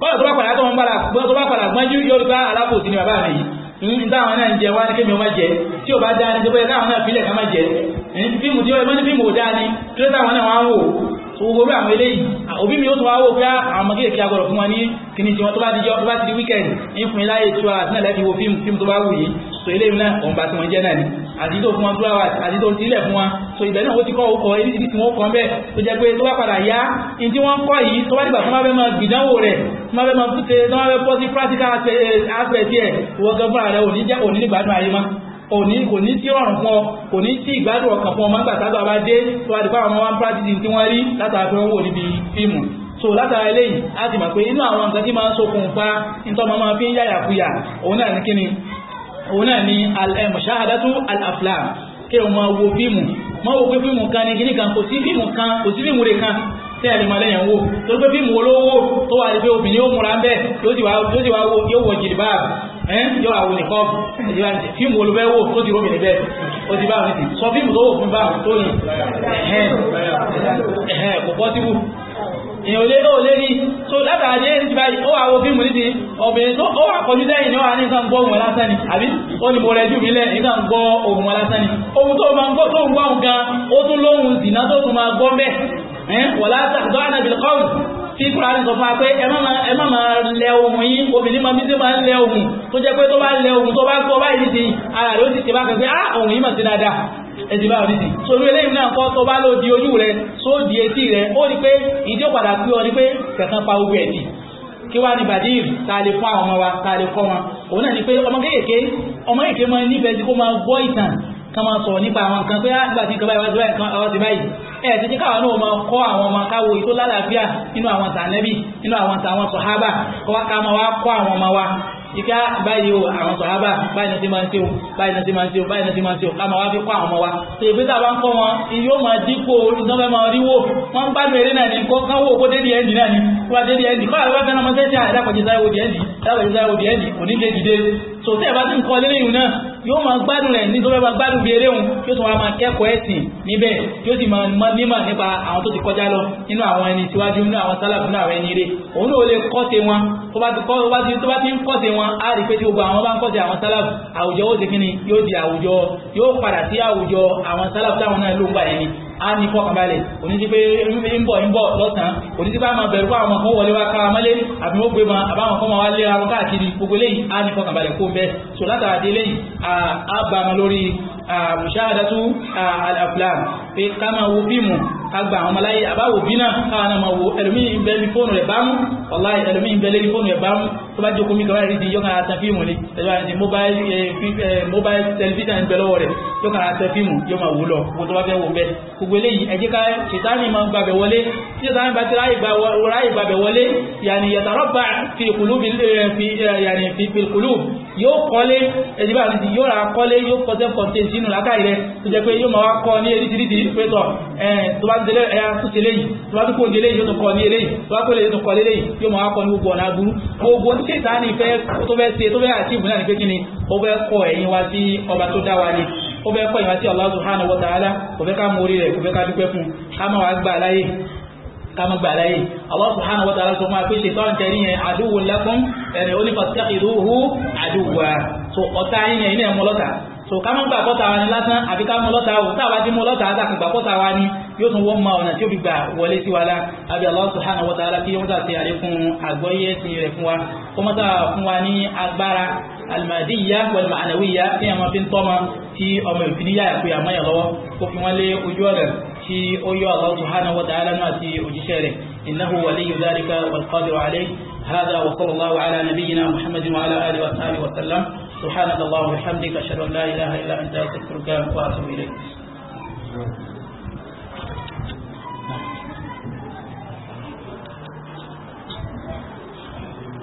kọ́lá tó bá padà tó ń bára tó bá padà gbọ́njú yóò bá ah, alábòsí ni bàbá mi yìí ní táwọn náà ń jẹ wá ní kémi ọmọ jẹ tí ò bá dá ní sẹ́pẹ́ táwọn náà fílẹ̀ ká má jẹ ní fíìmù tí wọ́n ní fíìmù ò dá ní kí ló táwọn náà wá ń wò owó orí àwọn eléyìí òbí mi ó tún wá wò pé ah, àwọn ọmọ kéèké agbọ̀rọ̀ fún so eléyìí náà òun bá tí wọ́n jẹ́ náà ni àdídò fún wọn flowers àdídò sílẹ̀ fún wọn so ibẹ̀ náà ó ti kọ́ ọkọ̀ eléyìí tí wọ́n kọ́ bẹ́ẹ̀ tó jẹ́ pé tó bá padà yá in tí wọ́n kọ́ yìí tó bá dìgbà tó má fẹ́ máa gbìdánwò rẹ̀ tó má fẹ́ máa fúte tó má fẹ́ pọ́ sí practical aspect eh, ẹ̀ wọ́n gan fúnra rẹ̀ òní jẹ́ òní nígbàdùn ayé mọ́ òní kò ní sí ọ̀rùn fún ọ kò ní sí ìgbádùn so látara eléyìí a ti mọ̀ pé inú àwọn nǹkan tí máa ń ṣokùnfà nítorí ọmọ máa fi ń yàyà kuyà òun náà ní kíni òun náà ni al-mushahadatu eh, al-aflam kí o máa wo fíìmù máa wo pé fíìmù kan ní kíní kan kò sí fíìmù kan kò sí fíìmù rẹ̀ kan tí a lè máa lẹ́yìn wò tó pé fíìmù olówó tó wà pé obìnrin ó múra ń bẹ́ yóò sì wá yóò wọ jìdìbá eh, yóò wà wò nìkan fíìmù olùbẹ́ wò èyàn olé ó lé ní so látàrí ní ẹni tí báyìí ó wà wo fíìmù níbi obìnrin tó ó wà kọjú sẹ́yìn ní wà ní nǹkan gbọ́ òun lásán ni àbí ó ní mo rẹ̀ jù mí nǹkan gbọ́ òun lásán ni ohun tó máa ń gbọ́ tó ń gbọ́ òun gan ó tún lóhun zìnà tó tún máa gbọ́ mẹ́ wọ̀lá tàbí ànàbìlì kọ́ọ̀lù tí kùránì sọ fún wa pé ẹ má máa lẹ ohun yín obìnrin máa bísí máa ń lẹ ohun tó jẹ́ pé tó bá lẹ ohun tó bá gbọ́ báyìí ti ara rẹ̀ ó ti ti bá kan ah ohun yìí mà sí dáadáa ẹ̀sìn bá òdìsì sórí eléyìí náà kọ́ tó bá ló di ojú rẹ̀ só di etí rẹ̀ ó ní pé ìdí ó padà pé ọ ní pé kẹ̀kan pa ogun ẹ̀sìn kí wá ní badir ta lè fún àwọn ọmọ wa ta lè kọ́ wọn òun náà ni pé ọmọ kéèké ọmọ kéèké máa nífẹ̀ẹ́ sí kó máa gbọ́ ìtàn ká máa sọ̀rọ̀ nípa àwọn nǹkan pé ah, nígbà tí nǹkan báyìí wá sí báyìí nǹkan ọ̀rọ̀ sí báyìí ẹ̀ ti jẹ́ káwọn náà máa kọ́ àwọn ọmọ káwo ètò lálàáfíà nínú àwọn tànẹ́bì nínú àwọn tàwọn sọ̀hábà kọ́ wá ká máa wá kọ́ àwọn ọmọ wa ìká báyìí o àwọn sọ̀hábà báyìí náà ti máa ń ṣe o báyìí náà ti máa ń ṣe o báyìí náà ti máa ń ṣe o ká máa wá fi kọ́ àwọn ọmọ wa tó ìgbé tàbá ń kọ́ wọn iye ó máa dípò ìdánwẹ́ máa rí wò wọ́n ń gbádùn eré náà ní kán wò kó dédìí ẹ̀ndì náà ní kó bá dédìí ẹ̀ndì kọ́ àwọn ọmọ sẹ́sẹ́ àdápọ̀jẹ́sáyẹ̀wò dìẹ́ndì so tẹ́ bá ti ń kọ́ lẹ́yìn náà yóò máa gbádùn rẹ̀ ní tó fẹ́ bá gbádùn bí eré òun yóò tún wá máa kẹ́kọ̀ọ́ ẹ̀sìn níbẹ̀ yóò sì máa nímọ̀ nípa àwọn tó ti kọjá lọ nínú àwọn ẹni síwájú nínú àwọn sálàbù nínú àwọn ẹni eré òun náà lè kọ́sẹ̀ wọn tó bá ti ń kọ́sẹ̀ wọn á rí pé tí gbogbo àwọn bá ń kọ́sẹ̀ àwọn sálàbù àwùjọ ó ti kíni yóò di àwùjọ yóò padà sí àwùjọ àwọn sálàbù táwọn náà ló ń gbà ẹni á ní fọkànbalẹ̀ òní sí pé ń bọ̀ ń bọ̀ lọ́sàn bẹ̀rù pé àwọn kan wọlé wá kára ma àbáwọn kan máa wá lé ara wọn káàkiri gbogbo lẹ́yìn á ní fọkànbalẹ̀ kó bẹ́ẹ̀ so látara dé lẹ́yìn á bá wọn lórí mushahadatu al-aflam pé ká máa wo fíìmù kagbà àwọn ọmọláyé àbáwò bí náà káwọn náà máa tó bá jókòó mi kọ́ báyìí ti yọ́kàn àtàn fíìmù ni ẹ̀rọ àti mobile television bẹ̀ lọ́wọ́ rẹ̀ yọ́kàn àtàn fíìmù yóò máa wù lọ gbogbo tó bá fẹ́ wò bẹ́ẹ̀ gbogbo eléyìí ẹ̀jẹ̀ ká ṣètánì máa gbàbẹ̀ wọlé tí ṣètánì bá ti ráyè gbàbẹ̀ wọlé yàní yàtàrọ̀ bá fi kùlù yóò kọ́lé ẹ̀dìbà àti yóò ra kọ́lé yóò kọ́tẹ́ kọ́tẹ́ sínú látàrí rẹ̀ tó jẹ́ pé yóò máa wá kọ́ ní eréṣiríṣi pétọ̀ tó bá délé ẹ̀yà tó ṣe léyìí tó bá tó kó délé yóò tó kọ́ ní eléyìí tó bá kó lè tó ni ó fẹ́ kọ ẹ̀yìn wá sí ọba tó dá wa ni ó fẹ́ kọ ẹ̀yìn wá sí Allah subhanahu wa ta'ala kò kama gba láyé Allah subhanahu wa ta'ala sọ fún wa pé ṣètò àwọn tẹ̀lé yẹn aduwwun lakum ẹ̀rẹ̀ ó ní fatakhiduhu aduwwa so ọ̀tá yín yẹn ilé ẹ̀mọ́ lọ́ta so kama gba kọ́ta wa ni lásán àbí ká mú lọ́ta o táwa ti mú lọ́ta àti àkùngbà kọ́ta wa ni yóò tún wọ́n ma ọ̀nà tí ó fi gbà wọlé sí wa lá àbí Allah subhanahu wa ta'ala kí wọ́n tà sí àlékún àgbọ́yé ẹ̀sìn rẹ̀ fún wa kó mọ́ta fún wa ní agbára almadiyya wal ma'nawiyya tí a fi ń tọ́ ma tí ọmọ ìfìdíyà kò yà mọ́yà fi wọ́n ojú ọ̀rẹ́ tí ó yọ Allah subhanahu wa ta'ala na ti òjíṣẹ́ rẹ̀ innahu waliyu zalika wal qadiru alayh hadha wa sallallahu ala nabiyyina muhammadin wa ala alihi wa sahbihi wa sallam subhanallahi wa bihamdika ashhadu an la ilaha illa anta astaghfiruka wa atubu ilayk